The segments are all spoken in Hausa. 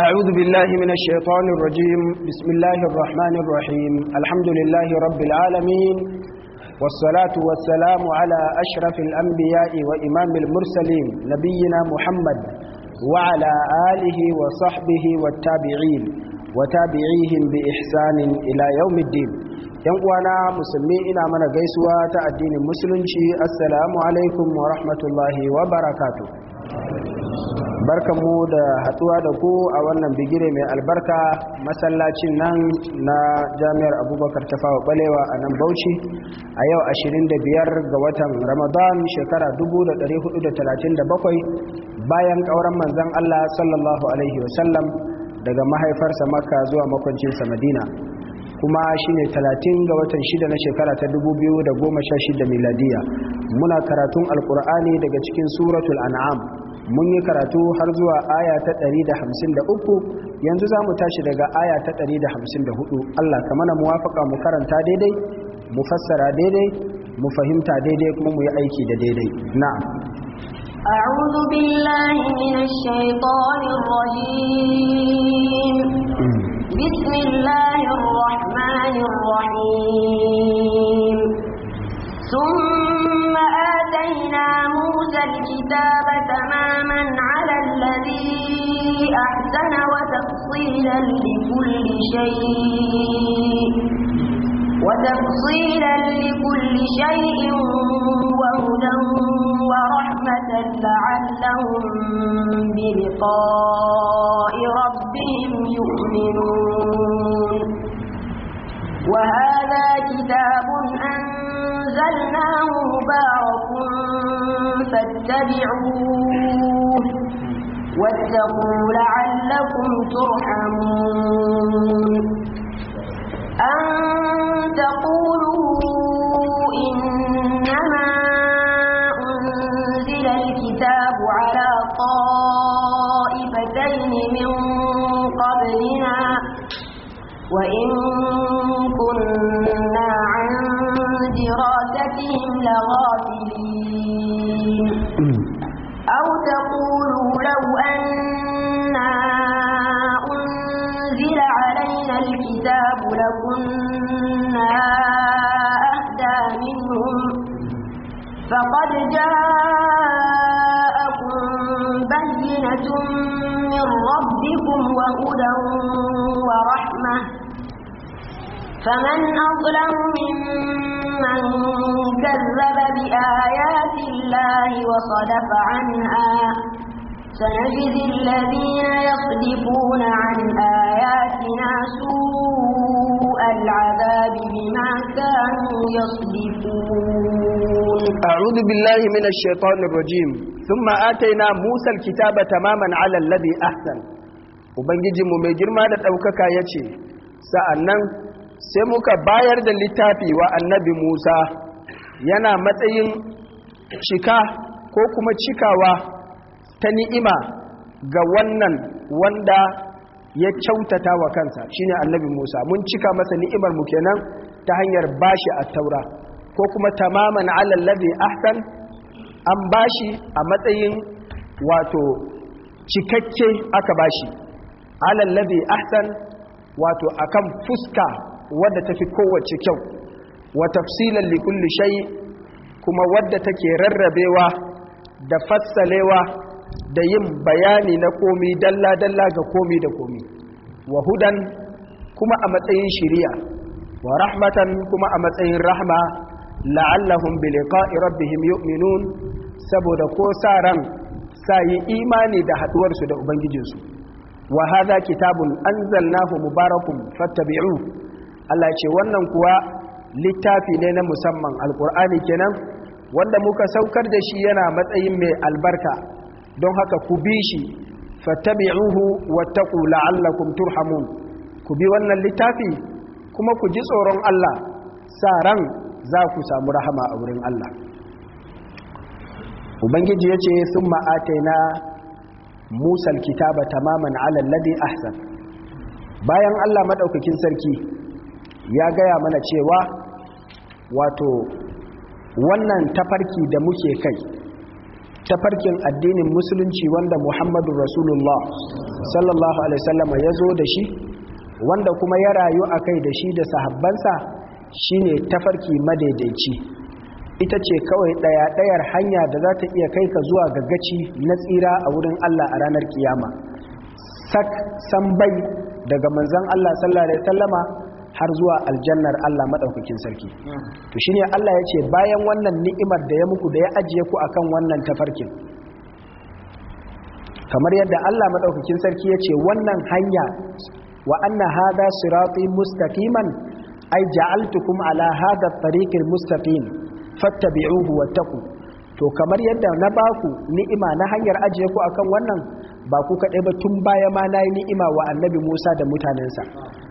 أعوذ بالله من الشيطان الرجيم بسم الله الرحمن الرحيم الحمد لله رب العالمين والصلاة والسلام على أشرف الأنبياء وإمام المرسلين نبينا محمد وعلى آله وصحبه والتابعين وتابعيهم بإحسان إلى يوم الدين ينقوانا مسميئنا من قيسوة الدين المسلم السلام عليكم ورحمة الله وبركاته barkanmu da haɗuwa da ku a wannan bigire mai albarka masallacin nan na jami'ar abubakar ta fawa balewa a nan bauchi a yau 25 ga watan ramadan shekara 1437 bayan kauran manzan allah sallallahu alaihi wasallam daga mahaifarsa makka zuwa makwancinsa madina kuma shine 30 ga watan 6 na shekara ta 2016 miladiya muna karatun alkur'ani daga cikin suratul an'am mun yi karatu har zuwa aya ta 153 yanzu za mu tashi daga aya ta 154 Allah ka mana muwafaka mu karanta daidai mu fassara daidai mu fahimta daidai kuma mu yi aiki da daidai na'am أعوذ بالله من الشيطان الرجيم بسم الله الرحمن الرحيم ثم ثم آتينا موسى الكتاب تماما على الذي أحسن وتفصيلا لكل شيء وتفصيلا لكل شيء وهدى ورحمة لعلهم بلقاء ربهم يؤمنون وهذا كتاب أنزلناه مباركا فاتبعوه واتقوا لعلكم ترحمون أن هدى ورحمة فمن أظلم ممن كذب بآيات الله وصدف عنها سنجزي الذين يصدفون عن آياتنا سوء العذاب بما كانوا يصدفون أعوذ بالله من الشيطان الرجيم ثم آتينا موسى الكتاب تماما على الذي أحسن ubangijinmu mai girma da ɗaukaka ya ce sa'annan sai muka bayar da littafi wa annabi musa yana matsayin cika ko kuma cikawa ta ni'ima ga wannan wanda ya kyautata wa kansa shine annabi musa mun cika masa ni'imar mu kenan ta hanyar bashi a taura ko kuma tamaman alallabi ahsan an bashi a matsayin wato cikakke aka bashi alallabi ahsan wato akan fuska wadda tafi kowace kyau wa tafsilan li kulli kuma wadda take rarrabewa da fassalewa da yin bayani na komi dalla dalla ga komi da komi wa hudan kuma a matsayin shiriya wa rahmatan kuma a matsayin rahma la'allahum bi liqa'i rabbihim yu'minun saboda ko sa ran sa yi imani da haduwarsu da ubangijinsu wa hadha kitabun anzalnahu mubarakun fattabi'u Allah ce wannan kuwa littafi ne na musamman alqur'ani kenan wanda muka saukar da shi yana matsayin mai albarka don haka ku bi shi fattabi'uhu wattaqu la'allakum turhamun ku bi wannan littafi kuma ku ji tsoron Allah sa ran za ku samu rahama a wurin Allah ubangiji yace summa ataina musa kitaba tamaman ala Ladi ahsan bayan Allah madaukakin sarki ya gaya mana cewa wato wannan tafarki da muke kai tafarkin addinin musulunci wanda Muhammadu Rasulullah sallallahu alaihi wasallam ya zo da shi wanda kuma ya rayu a kai da shi da sahabbansa shine tafarki madaidaici ita ce kawai ɗaya ɗayar hanya da za ta iya kai ka zuwa gaggaci na tsira a wurin Allah a ranar kiyama sak bai daga manzan Allah sallallahu alaihi wasallama har zuwa aljannar Allah madaukakin sarki to shine Allah ya ce bayan wannan ni'imar da ya muku da ya ajiye ku akan wannan tafarkin kamar yadda Allah madaukakin sarki ya ce wannan hanya wa anna hadha sirati mustaqiman ay ja'altukum ala hadha at-tariqil mustaqim fattabi'uhu wattaku to kamar yadda na baku ni'ima na hanyar ajiye ku akan wannan ba ku kaɗai ba tun baya ma na yi ni'ima wa annabi musa da mutanensa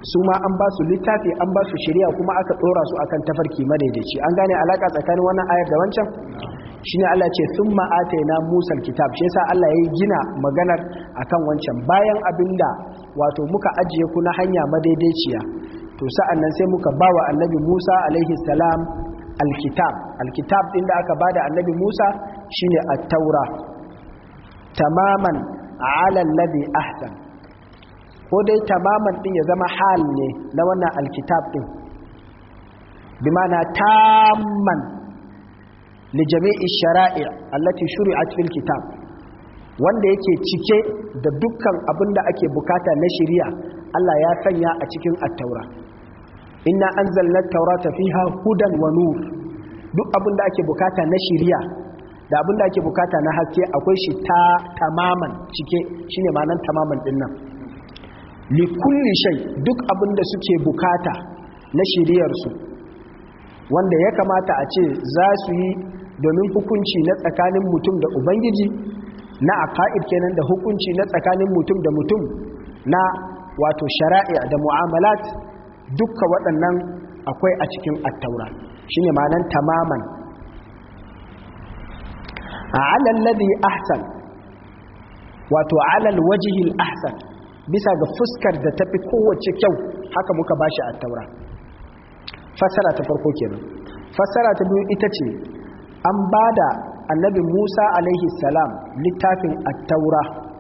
su ma an ba su littafi an ba su shirya kuma aka ɗora su akan tafarki madaidaici an gane alaƙa tsakanin wannan ayar da wancan shine Allah ce sun ma'ata na musa kitab shi yasa Allah ya yi gina maganar akan wancan bayan abinda wato muka ajiye ku na hanya madaidaiciya to sa'an nan sai muka ba wa annabi musa alaihi salam alkitab alkitab din da aka bada annabi Musa shine at-taura tamaman ala alladhi ahsan ko dai tamaman din ya zama hal ne na wannan alkitab din bi ma'ana tamman li jami'i shara'i allati shuri'at fil kitab wanda yake cike da dukkan abin da ake bukata na shari'a Allah ya sanya a cikin at-taura inna anzalna taurata fiha hudan wa nur duk abin da ake bukata na shiriya da abin da ake bukata na haske akwai shi ta tamaman cike shine ma'anar tamaman din nan li kulli shay duk abin da suke bukata na shiriyar su wanda ya kamata a ce za su yi domin hukunci na tsakanin mutum da ubangiji na aqaid kenan da hukunci na tsakanin mutum da mutum na wato shari'a da mu'amalat dukka waɗannan akwai a cikin attaura shine ma'anan tamaman alal ladhi ahsan wato alal wajihil ahsan bisa ga fuskar da tafi kowace kyau haka muka bashi attaura fassara ta farko kenan fassara ta biyu ita ce an bada annabi Musa alaihi salam littafin attaura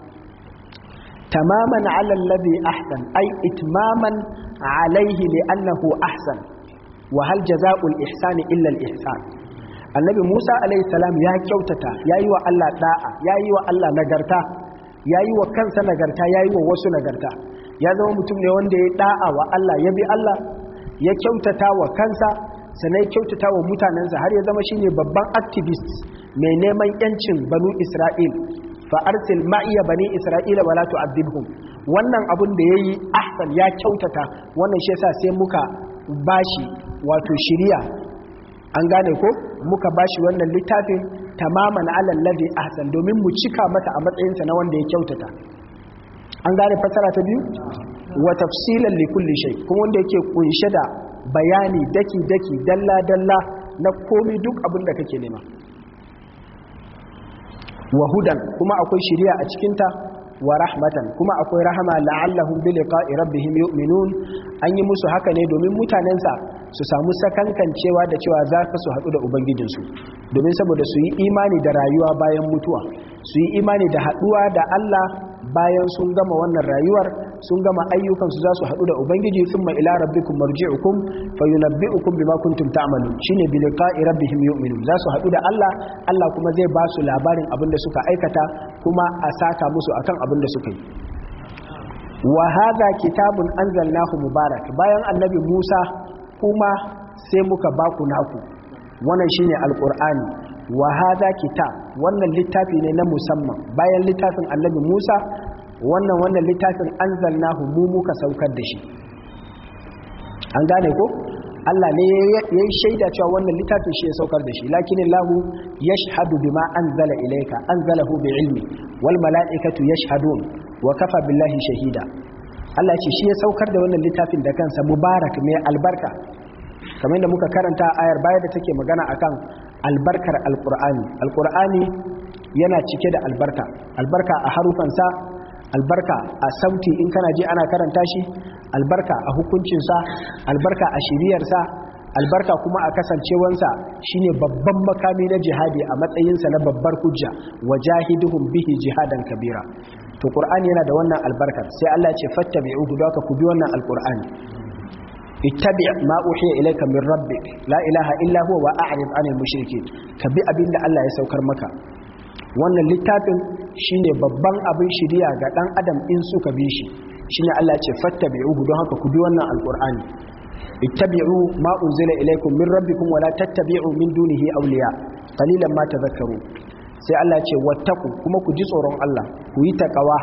tamaman ala alladhi ahsan ay itmaman alayhi li'annahu ahsan wa hal jazaa'ul ihsani illa ihsan annabi Musa alayhi salam ya kyautata yayi wa Allah da'a yayi wa Allah nagarta yayi wa kansa nagarta yayi wa wasu nagarta ya zama mutum ne wanda ya ɗa'a wa Allah ya bi Allah ya kyautata wa kansa ya kyautata wa mutanensa har ya zama shine babban activist mai neman yancin banu Isra'il fa arsil ma'iya bani isra'ila wala tu'adhibhum wannan abun da yayi ahsan ya kyautata wannan shi yasa sai muka bashi wato shiriya an gane ko muka bashi wannan littafin tamaman alal ladhi ahsan domin mu cika mata a matsayin sa na wanda ya kyautata an gane fasara ta biyu wa tafsilan li kulli shay kuma wanda yake kunshe da bayani daki daki dalla dalla na komai duk abin da kake nema wa hudan kuma akwai shiriya a cikinta wa rahmatan kuma akwai rahama la'allahum bi liqa'i rabbihim yu'minun an yi musu haka ne domin mutanensa su samu sakankancewa da cewa za su haɗu da ubangijinsu domin saboda su yi imani da rayuwa bayan mutuwa su yi imani da haɗuwa da Allah bayan sun gama wannan rayuwar sun gama ayyukan su za su haɗu da ubangiji sun ma ila rabbikum marji'ukum fayunabbi'ukum bima kuntum ta'malun shine bi liqa'i rabbihim yu'minun za su haɗu da Allah Allah kuma zai ba su labarin abin da suka aikata kuma a saka musu akan abin da suka yi wa hadha kitabun anzalnahu mubarak bayan annabi Musa kuma sai muka ba ku naku wannan shine alqur'ani wa hadha kitab wannan littafi ne na musamman bayan littafin annabi Musa wannan wannan littafin anzalnahu mu muka saukar da shi an gane ko Allah ne ya yi shaida cewa wannan littafin shi ya saukar da shi lakinin lahu ya shahadu bima an zala ilaika an zala hu bi ilmi wal mala'ikatu ya wa kafa billahi shahida Allah ce shi ya saukar da wannan littafin da kansa mubarak mai albarka kamar da muka karanta ayar baya da take magana akan albarkar alqur'ani alqur'ani yana cike da albarka albarka a harufansa albarka a sauti in kana ji ana karanta shi albarka a hukuncinsa albarka a shiriyarsa albarka kuma a kasancewansa shine babban makami na jihadi a matsayinsa na babbar hujja wa jahiduhum bihi jihadan kabira to qur'ani yana da wannan albarkar sai Allah ya ce fattabi'u hudaka ku bi wannan alqur'ani ittabi ma uhiya ilayka min rabbik la ilaha illa huwa wa a'rid 'anil mushrikeen ka bi abinda Allah ya saukar maka wannan littafin shine babban abin shirya ga dan adam in suka bi shi shine Allah ce fattabi'uhu don haka ku bi wannan alqur'ani ittabi'u ma unzila ilaykum min rabbikum wala tattabi'u min dunihi awliya qalilan ma tadhakkaru sai Allah ce wattaku kuma ku ji tsoron Allah ku yi takawa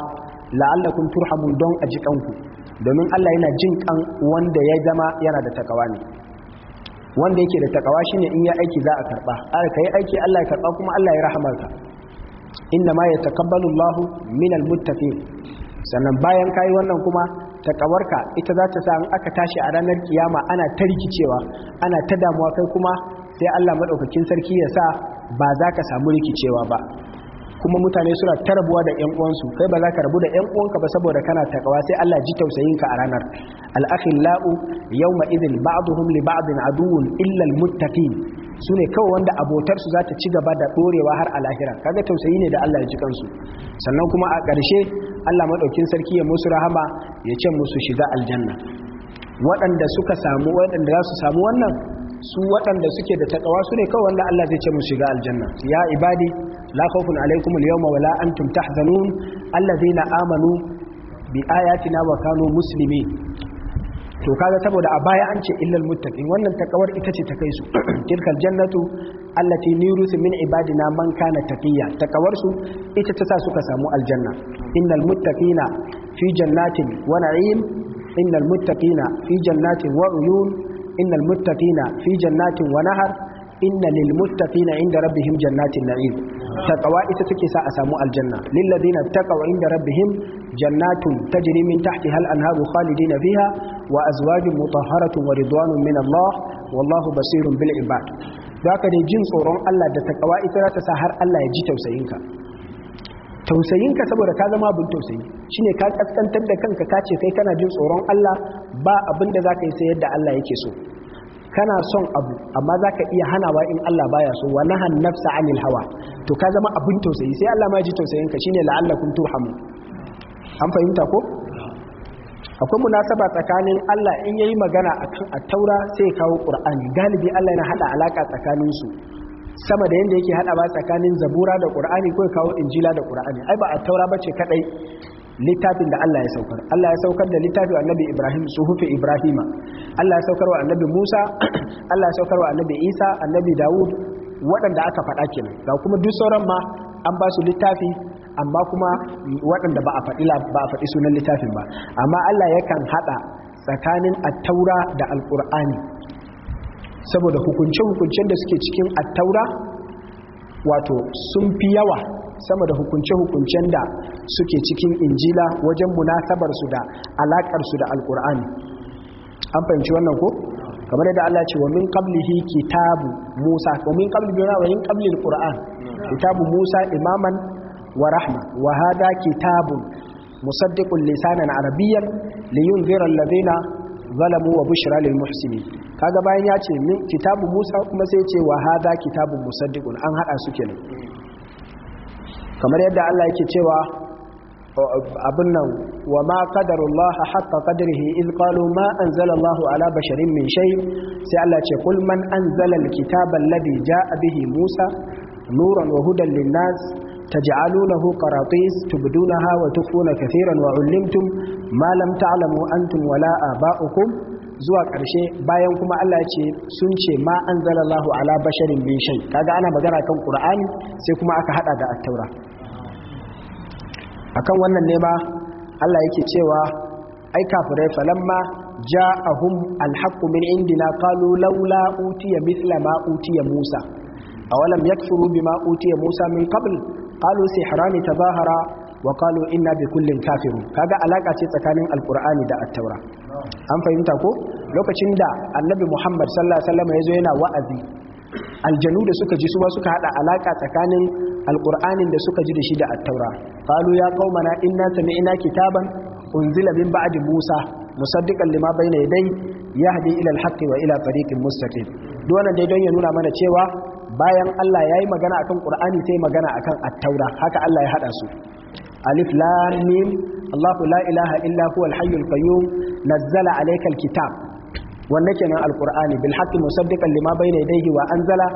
la'allakum turhamun don a ji kanku domin Allah yana jin kan wanda ya zama yana da takawa ne wanda yake da takawa shine in ya aiki za a karba aka yi aiki Allah ya karba kuma Allah ya rahama rahamarka inna ma yataqabbalu Allahu minal muttaqin sannan bayan kai wannan kuma ta kawarka ita za ta sa in aka tashi a ranar kiyama ana ta rikicewa ana ta damuwa kai kuma sai Allah madaukakin sarki ya sa ba za ka samu rikicewa ba kuma mutane suna ta rabuwa da ƴan uwansu kai ba za ka rabu da ƴan uwanka ba saboda kana takawa sai Allah ji tausayin ka a ranar al-akhillau yawma idhin ba'dhum li ba'dhin aduwwun illa al-muttaqin su ne kawai wanda abotarsu za ta ci gaba da ɗorewa har alahira kaga tausayi ne da Allah ya ji kansu sannan kuma a ƙarshe Allah maɗaukin sarki ya musu rahama ya ce musu shiga aljanna waɗanda suka samu waɗanda za su samu wannan su waɗanda suke da taƙawa? su ne kawai wanda Allah zai ce musu shiga aljanna ya ibadi la khawfun alaykum al-yawma wa la antum tahzanun alladhina amanu bi ayatina wa kanu muslimin to kaga saboda a baya an ce illal muttaqin wannan takawar ita ce ta kai su tilkal jannatu allati nurusu min ibadina man kana taqiya takawar su ita ta sa suka samu aljanna innal muttaqina fi jannatin wa na'im innal muttaqina fi jannatin wa uyun innal muttaqina fi jannatin wa nahar inna lil muttaqina inda rabbihim jannatin na'im taqwa ita take sa a samu aljanna lil ladina taqaw inda rabbihim jannatun tajri min tahtiha al-anharu khalidina fiha wa azwajun mutahharatun wa ridwanun min Allah wallahu basirun bil ibad zaka dai jin tsoron Allah da ta takawa ita za ta sa har Allah ya ji tausayinka tausayinka saboda ka zama abin tausayi shine ka kaskantar da kanka ka ce kai kana jin tsoron Allah ba abin da zaka yi sayar da Allah yake so kana son abu amma zaka iya hanawa in Allah baya so wa na nafsa anil hawa to ka zama abin tausayi sai Allah ma ji tausayinka shine la'allakum turhamun an fahimta ko akwai munasaba tsakanin Allah in yayi magana akan at-taura sai ya kawo qur'ani galibi Allah yana hada alaka tsakanin su sama da yanda yake hada ba tsakanin zabura da qur'ani ko ya kawo injila da qur'ani ai ba at-taura bace kadai littafin da Allah ya saukar Allah ya saukar da littafin annabi Ibrahim suhufi Ibrahima Allah ya saukar wa annabi Musa Allah ya saukar wa annabi Isa annabi Dawud waɗanda aka faɗa kenan ga kuma duk sauran ma an ba su littafi amma kuma waɗanda ba a faɗi ba a faɗi sunan littafin ba amma Allah yakan haɗa tsakanin attaura da Alƙur'ani saboda hukunce-hukuncen da suke cikin attaura, wato sun fi yawa sama da hukunce-hukuncen da suke cikin injila wajen munasabarsu da alaƙarsu da Alƙur'ani. an fahimci wannan ko kamar yadda Allah ce wa min qablihi kitabu Musa wa min qablihi wa min qablil Qur'an hmm. kitabu Musa imaman wa rahma wa hada kitabun musaddiqun lisanan arabiyyan liyunzira alladhina zalamu wa kaga bayan ya ce min kitabu Musa kuma sai ce wa hada kitabun musaddiqun an hada su kenan kamar yadda Allah yake cewa abin nan wa ma qadarullaha hatta qadrihi ilkalu qalu ma anzala Allahu ala basharin min shay sai Allah ce kul man anzala alkitaba alladhi jaa bihi Musa nuran wa hudan linnas Ta ji تجعلونه قراطيس تبدونها وتخفون كثيرا وعلمتم ما لم تعلموا أنتم ولا آباؤكم zuwa ƙarshe bayan kuma Allah ce sun ce ma anzalallahu ala basharin min shay kaga ana magana kan Qur'ani sai kuma aka haɗa da At-Taura akan wannan ne ma Allah yake cewa ai kafirai falamma ja'ahum al-haqqu min indina qalu laula utiya mithla ma utiya Musa awalam yakfuru bima utiya Musa min qabl qalu ta tazahara wa qalu inna bi kullin kafiru. Ka ga alaka ce tsakanin alqur'ani da at an fahimta ko lokacin da annabi muhammad sallallahu alaihi wasallam yazo yana wa'azi aljanu da suka ji su ba suka haɗa alaka tsakanin alqur'anin da suka ji da shi da at-taura qalu ya qaumana inna ina kitaban unzila min ba'di musa musaddiqan lima bayna yadayhi yahdi ila al-haqqi wa ila tariqin mustaqim duk wannan dai don ya nuna mana cewa bayan Allah ya yi magana akan ƙur'ani sai magana akan attaura haka Allah ya haɗa su alif lam Allahu la ilaha illa huwa al-hayyul qayyum nazzala alayka kitab wannan kenan al-qur'ani bil haqqi musaddiqan lima bayna yadayhi wa anzala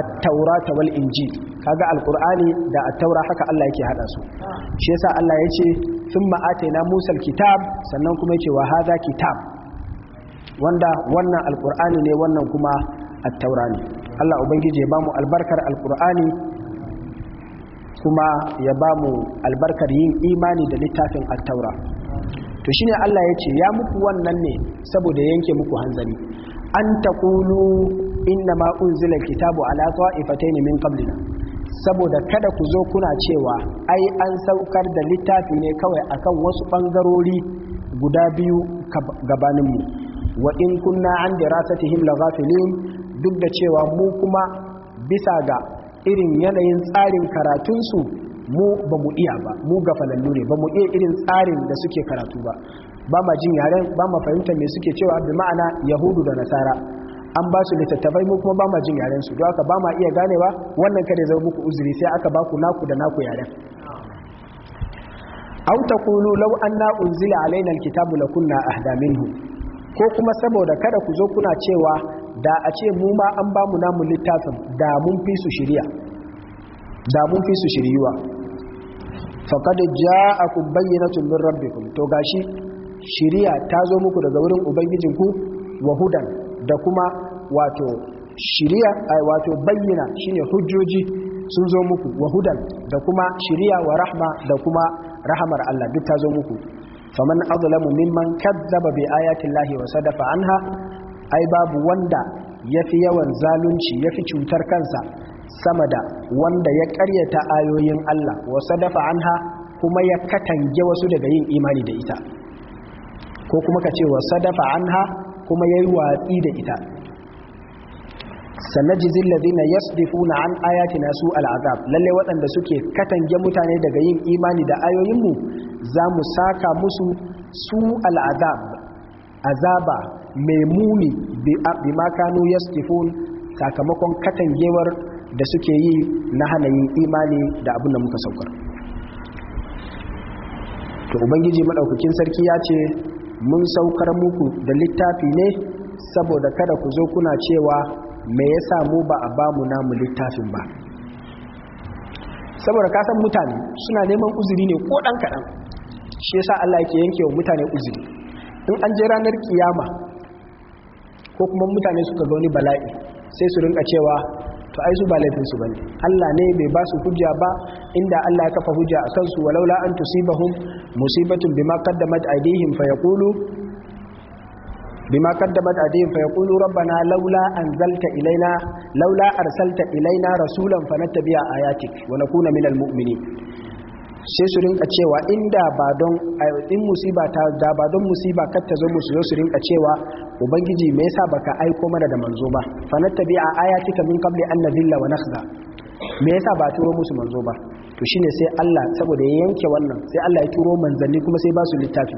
at-taurata wal injil kaga al da at haka Allah yake haɗa su shi yasa Allah ya ce atayna Musa musal kitab sannan kuma ya wa wahaza kitab wanda wannan al ne wannan kuma at ne Allah ubangiji ya ba mu albarkar alkur'ani kuma ya ba mu albarkar yin imani da littafin attaura to shine Allah ya ce ya muku wannan ne saboda yanke muku hanzari an takulu inna ma kitabu alkitabu ala ne min kablina saboda kada ku zo kuna cewa ai an saukar da littafi ne kawai akan wasu bangarori guda biyu gabaninmu wa in kunna an dirasatihim ne? duk da cewa mu kuma bisa ga irin yanayin tsarin karatunsu mu ba mu iya ba mu ga falallu ne ba mu iya irin tsarin da suke karatu ba ba ma jin yaren ba ma fahimta mai suke cewa bi ma'ana yahudu da nasara an ba su littattafai mu kuma ba ma jin yaren su don haka ba ma iya ganewa wannan kada zai muku uzuri sai aka ba ku naku da naku yaren aw taqulu law anna unzila alaina alkitabu lakunna ahda minhu ko kuma saboda kada ku zo kuna cewa da a ce mu ma an ba mu namu littafin da mun fi su shirya da mun fi su shiryuwa faqad ja'akum bayyinatun min rabbikum to gashi shiriya ta zo muku daga wurin ubangijinku wa hudan da kuma wato shiriya ai wato bayyana shine hujjoji sun zo muku wa hudan da kuma shiriya wa rahma da kuma rahamar Allah duk ta zo muku faman azlamu mimman kadzaba bi ayati llahi wa sadafa anha ai babu wanda yafi yawan zalunci yafi cutar kansa sama da wanda ya karyata ayoyin Allah wa sadafa anha kuma ya katange wasu daga yin imani da ita ko kuma ka ce wa sadafa anha kuma yayi watsi da ita sanajizil ladina na an ayatina su al'azab lalle waɗanda suke katange mutane daga yin imani da ayoyinmu za mu saka musu su al'azab azaba mai muni bi makanu yasdifun sakamakon katangewar da suke yi na hana yin imani da abin da muka saukar to ubangiji maɗaukakin sarki ya ce mun saukar muku da littafi ne saboda kada ku zo kuna cewa me ya mu ba a bamu namu littafin ba saboda kasan mutane suna neman uzuri ne ko ɗan kaɗan, shi ya sa Allah ke yanke wa mutane uzuri in an je ranar kiyama ko kuma mutane suka ga bala'i sai su rinka cewa to ai su ba laifin su bane Allah ne bai ba su hujja ba inda Allah ya kafa hujja a kansu walaula an tusibahum musibatun bima qaddamat aydihim fayaqulu بما قدمت أديم فيقول ربنا لولا أنزلت إلينا لولا أرسلت إلينا رسولا فنتبع آياتك ونكون من المؤمنين sai su rinka cewa inda ba don in musiba ta da ba don musiba kar ta zo musu zo su rinka cewa ubangiji me yasa baka aiko mana da manzo ba fa nattabi'a ayatika min qabli an nadilla wa nakhza me yasa ba turo musu manzo ba to shine sai Allah saboda ya yanke wannan sai Allah ya turo manzanni kuma sai ba su littafi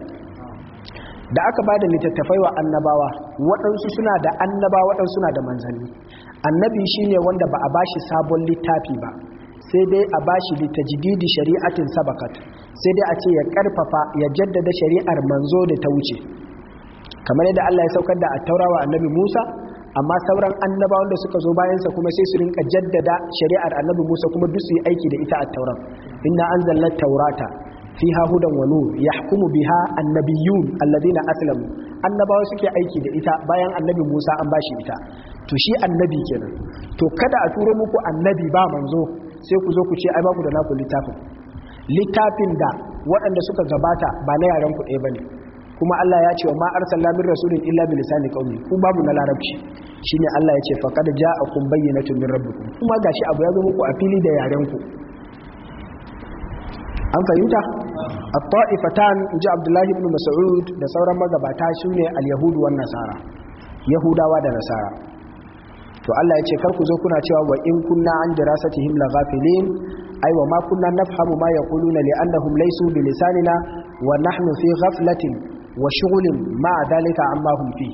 da aka ba da littattafai wa annabawa waɗansu suna da annaba waɗansu suna da manzanni annabi shine wanda ba a bashi sabon littafi ba sai dai a bashi littajdidi shari'atin sabakat sai dai a ce ya karfafa ya jaddada shari'ar manzo da ta wuce kamar yadda Allah ya saukar da attaura wa annabi Musa amma sauran annabawan da suka zo bayansa kuma sai su rinka jaddada shari'ar annabi Musa kuma duk su yi aiki da ita a attauran inna anzalna taurata fiha hudan wano ya yahkumu biha annabiyun alladhina aslamu annabawa suke aiki da ita bayan annabi Musa an bashi ita to shi annabi kenan to kada a turo muku annabi ba manzo sai ku zo ku ce ai baku da naku littafin littafin da waɗanda suka gabata ba na yaren ku ɗaya bane kuma Allah ya ce wa ma arsalna min rasulin illa bi lisani qaumi ku babu na larabci shine Allah ya ce faqad ja'akum bayyinatun min rabbikum kuma gashi abu ya zo muku a fili da yaren ku an fahimta at-ta'ifatan ji abdullahi ibn mas'ud da sauran magabata shine al-yahud wan nasara yahudawa da nasara to Allah ya ce kar ku zo kuna cewa wa in kunna an dirasatihim la ghafilin ay wa ma kunna nafhamu ma yaquluna li annahum laysu bi lisanina wa nahnu fi ghaflatin wa shughulin ma dalika amma hum fi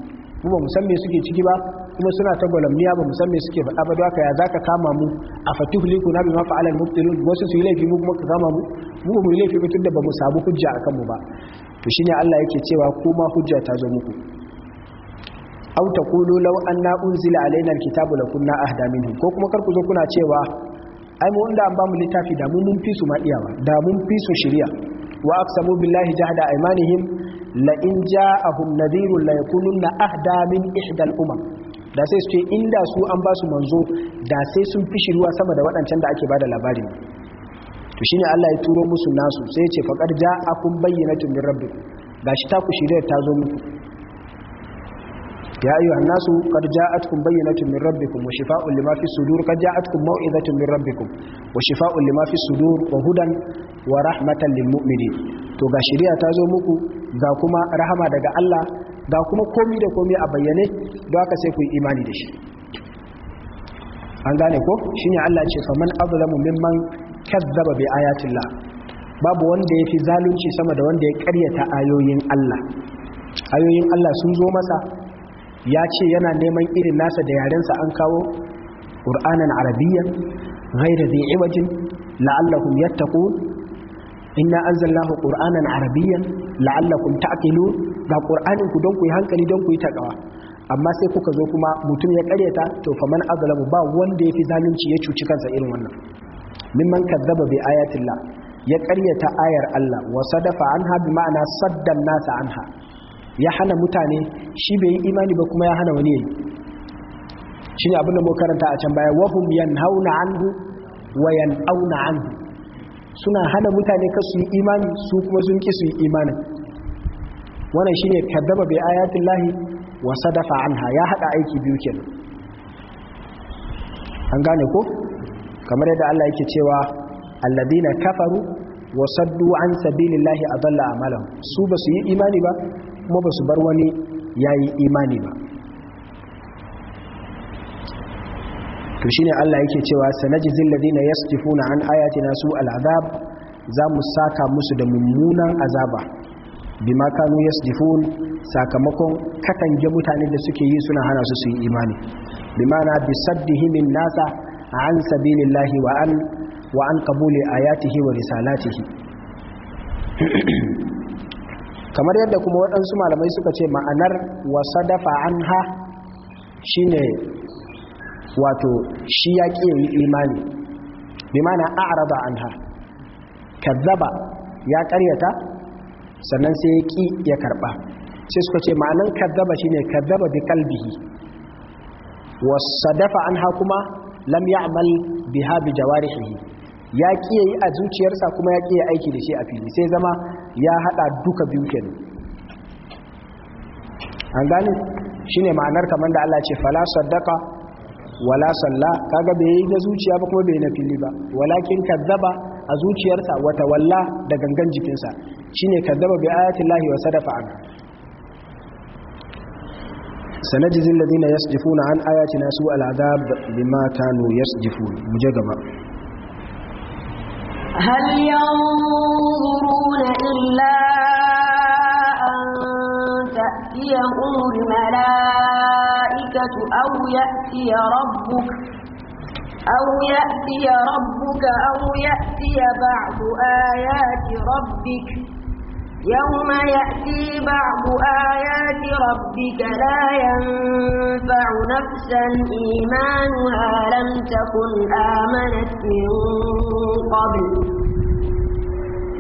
mu ba mu san me suke ciki ba kuma suna ta gwalamniya ba musan me suke faɗa ba don haka ya zaka kama mu a fatu liku na bi mafi fa'ala al wasu su yi laifi mu kuma ka kama mu mu mu yi laifi tunda ba mu samu hujja a kanmu ba to shine Allah yake cewa kuma hujja ta zo muku aw taqulu law anna unzila alaina al lakunna ahda minhum ko kuma kar ku zo kuna cewa ai mu wanda an ba mu littafi da mu mun fi su ma iyawa da mun fi su shiriya wa aqsamu billahi jahda aymanihim la in ja'ahum nadhirun la yakununna ahda min ihda al-umam da sai su ce inda su an ba su manzo da sai sun fi shirwa sama da waɗancan da ake ba da labarin to shi ne Allah ya turo musu nasu sai ya ce ja a kun bayyana bayyinatun min Ga shi ta ku shirya ta zo muku ya ayyuhan nasu kun ja'atkum bayyinatun min rabbikum wa shifaa'un lima fi sudur qad ja'atkum maw'izatun min rabbikum wa shifaa'un lima fi sudur wa hudan wa rahmatan lil mu'minin to ga shirya ta zo muku ga kuma rahama daga Allah Da kuma komi da komi a bayyane da aka sai ku yi imani da shi an gane ko shine Allah ce faman azlamu mimman kazzaba bi ayatillah babu wanda ya fi zalunci sama da wanda ya karyata ayoyin Allah ayoyin Allah sun zo masa ya ce yana neman irin nasa da yarensa an kawo qur'anan arabiyyan ghayra dhi iwajin la'allahum yattaqun inna anzalnahu qur'anan arabiyyan la'allakum ta'qilun ga qur'anin ku don ku yi hankali don ku yi takawa amma sai kuka zo kuma mutum ya karyata to faman azlamu ba wanda yafi zalunci ya cuci kansa irin wannan mimman kadzaba bi ayatillah ya karyata ayar Allah wa sadafa anha bi ma'ana saddan nasa anha ya hana mutane shi bai yi imani ba kuma ya hana wani yi shine abin da mu karanta a can baya wahum yanhauna anhu wa yan'auna anhu suna hana mutane su yi imani su kuma sun ki su yi imanin wannan shine kaddaba bi ayatin lahi wa sadafa anha ya hada aiki biyu kenan an gane ko kamar yadda Allah yake cewa alladina kafaru wa saddu an sabilillahi adalla amalan su basu yi imani ba kuma basu bar wani yayi imani ba to shine Allah yake cewa sanajizil ladina yastifuna an ayatina su al'azab za mu saka musu da mummunan azaba bima kanu yasdifun sakamakon katange mutane da suke yi suna hana su su yi imani bima na bisaddihim nasa an sabilillahi wa an wa an qabuli ayatihi wa risalatihi kamar yadda kuma waɗansu malamai suka ce ma'anar wasadafa anha shine wato shi ya ƙi yi imani bi mana a'rada anha kazzaba ya ƙaryata sannan sai ya ƙi ya karɓa sai suka ce ma'anan kazzaba shine kazzaba bi qalbihi wasadafa anha kuma lam ya'mal biha bi jawarihi ya ƙi yi a zuciyarsa kuma ya ƙi yi aiki da shi a fili sai zama ya hada duka biyu kenan an gane shine ma'anar kamar da Allah ce fala saddaqa wala salla kaga bai yi na zuciya ba kuma bai na fili ba walakin kazzaba a zuciyarsa wata walla da gangan jikinsa shine kazzaba bi ayatin lahi wa sadafa an sanajizin ladina yasjifuna an ayatina su al'adab bima kanu yasjifun mu je gaba هل ينظرون إلا أن الملائكة أو يأتي ربك أو يأتي ربك أو يأتي بعض آيات ربك يوم يأتي بعض آيات ربك لا ينفع نفسا إيمانها لم تكن آمنت من قبل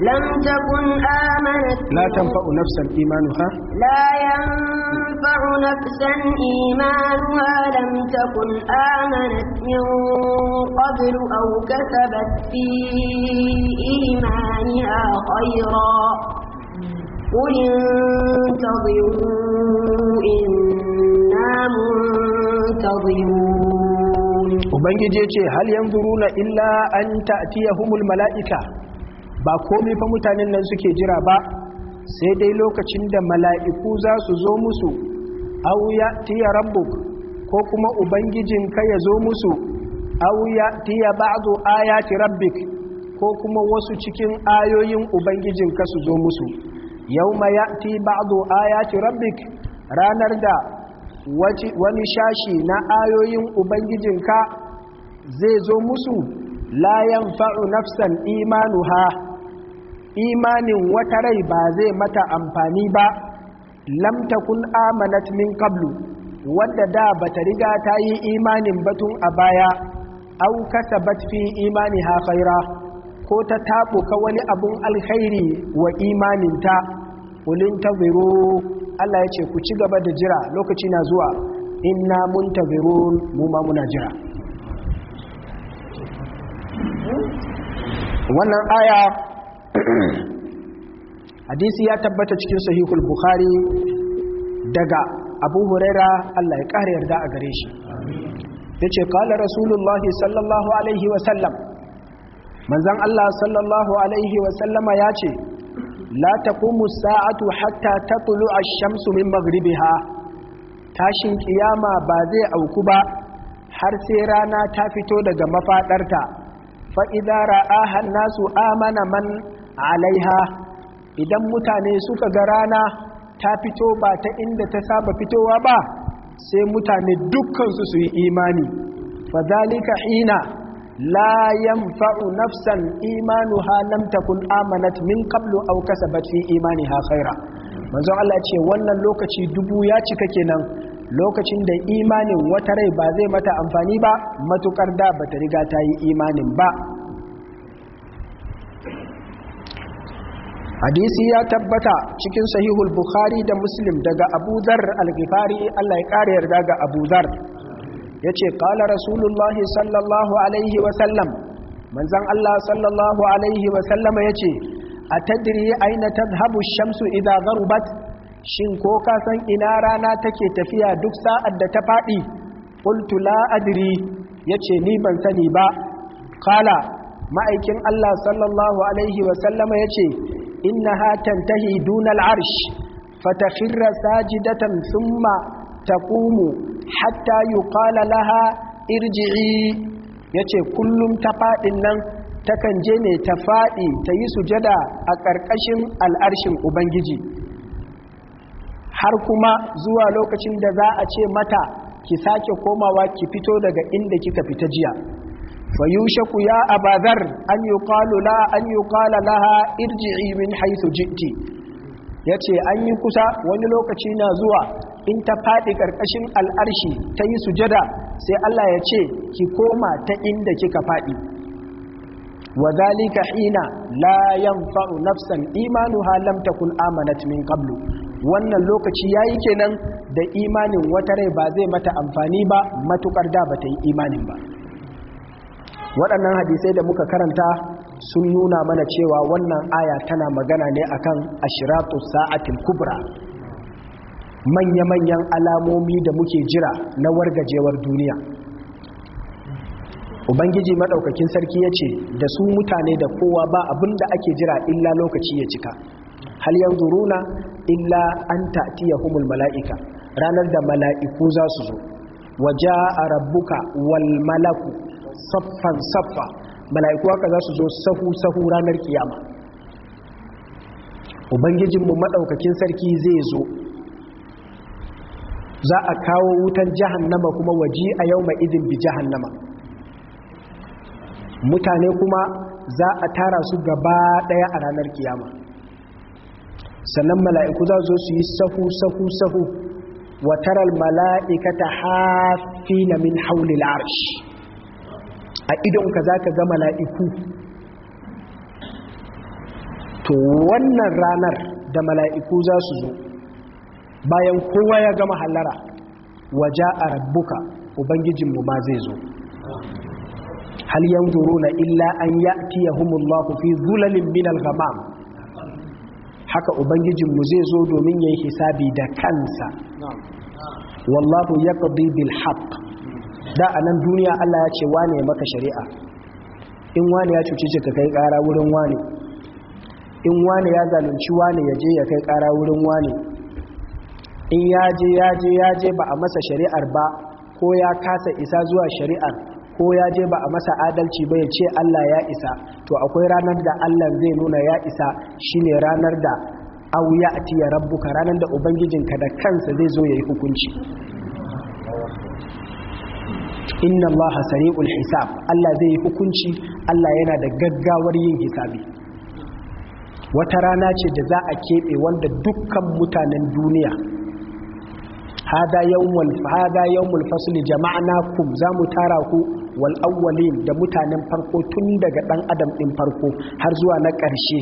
لم تكن آمنت لا تنفع نفسا إيمانها لا ينفع نفسا إيمانها لم تكن آمنت من قبل أو كسبت في إيمانها خيرا قل انتظروا إنا منتظرون ومن جيتي هل ينظرون إلا أن تأتيهم الملائكة ba komai fa mutanen nan suke jira ba sai dai lokacin da mala'iku za su zo musu ti ya tiya ko kuma ubangijinka ya zo musu ti ya ba'du ayati rabbik ko kuma wasu cikin ayoyin ubangijinka su zo musu yauma ya ti ba'du ayati rabbik ranar da wani shashi na ayoyin ubangijinka zai zo musu la yanfa'u nafsan imanuha imanin wata rai ba zai mata amfani ba lam takun amanat min qablu wanda da bata riga ta yi imanin batun a baya aw kasabat fi ha khaira ko ta tabo ka wani abun alkhairi wa imaninta ulin taziru Allah ya ce ku ci gaba da jira lokaci na zuwa inna muntabirun mu ma muna jira wannan aya hadisi ya tabbata cikin sahihul bukhari daga abu huraira allah ya ƙara yarda a gare shi ya ce kala rasulullahi sallallahu alaihi wasallam manzan allah sallallahu alaihi wasallama ya ce la taqumu sa'atu hatta tatlu ash-shamsu min maghribiha tashin kiyama ba zai auku ba har sai rana ta fito daga mafadarta fa idza ra'aha an-nasu amana man alaiha idan mutane suka ga rana ta fito ba ta inda ta saba fitowa ba sai mutane dukkansu su yi imani fadhalika hina la yanfa'u nafsan ha lam takun amanat min qablu aw kasabat fi imani ha khaira manzo Allah ce wannan lokaci dubu ya cika kenan lokacin da imanin wata rai ba zai mata amfani ba matukar da bata riga ta yi imanin ba hadisi ya tabbata cikin sahihul bukhari da muslim daga abu zar al-ghifari Allah ya kare yarda ga abu zar yace kala rasulullahi sallallahu alaihi wa sallam manzon Allah sallallahu alaihi wa sallama yace a aina tadhhabu shamsu idha gharubat shin ko ka san ina rana take tafiya duk sa'ad da ta fadi qultu la adri yace ni ban sani ba Kala ma'aikin Allah sallallahu alaihi wa ya yace إنها تنتهي دون العرش فتخر ساجدة ثم تقوم حتى يقال لها ارجعي yace kullum ta faɗi nan takan je ne ta faɗi ta yi sujada a ƙarƙashin al'arshin ubangiji har kuma zuwa lokacin da za a ce mata ki sake komawa ki fito daga inda kika fita jiya فيوشك يا أبا ذر أن يقال لا أن يقال لها ارجعي من حيث جئت yace an yi kusa wani lokaci na zuwa in ta faɗi ƙarƙashin al'arshi ta yi sujada sai Allah ya ce ki koma ta inda kika faɗi wa zalika hina la yanfa'u nafsan imanuha lam kun amanat min qablu wannan lokaci yayi kenan da imanin wata rai ba zai mata amfani ba matuƙar da ba ta yi imanin ba waɗannan hadisai da muka karanta sun nuna mana cewa wannan aya tana magana ne a kan ashiratu sa'atil kubra manya-manyan alamomi da muke jira na wargajewar duniya ubangiji maɗaukakin sarki ya ce da su mutane da kowa ba abin da ake jira illa lokaci ya cika hal yanzu runa illa an humul mala'ika ranar da mala'iku za su zo waje a rabbuka wal malaku saffan saffa mala'iku haka za su zo sahu sahu ranar kiyama ubangijinmu maɗaukakin sarki zai zo za a kawo wutan jahannama kuma waji a yau mai idin bi jahannama mutane kuma za a tara su gaba ɗaya a ranar kiyama sannan mala'iku za zo su yi sahu sahu sahu wataral mala'ikata hafi na min haulil arshi a idonka za ka ga mala'iku to wannan ranar da mala'iku za su zo bayan kowa ya gama halara waja a rabbuka ubangijinmu ma zai zo hal na illa an ya'tiyahumullahu fi zulalin minal ghamam haka ubangijinmu zai zo domin ya yi hisabi da kansa wallahu ya ƙabi bilhaq da a nan duniya Allah ya ce wane ya maka shari'a in wane ya cuci ka kai kara wurin wane in wane ya zalunci wane ya je ya kai kara wurin wane in ya je ya je ya je ba a masa shari'ar ba ko ya kasa isa zuwa shari'ar ko ya je ba a masa adalci ba ya ce Allah ya isa to akwai ranar da Allah zai nuna ya isa shine ranar da au ya atiya rabbuka ranar da ubangijinka da kansa zai zo ya yi hukunci inna allaha sari'ul hisab Allah zai yi hukunci Allah yana da gaggawar yin hisabi wata rana ce da za a keɓe wanda dukkan mutanen duniya hada yawmul hada yawmul fasl jama'nakum mu tara ku wal awwalin da mutanen farko tun daga dan adam din farko har zuwa na karshe.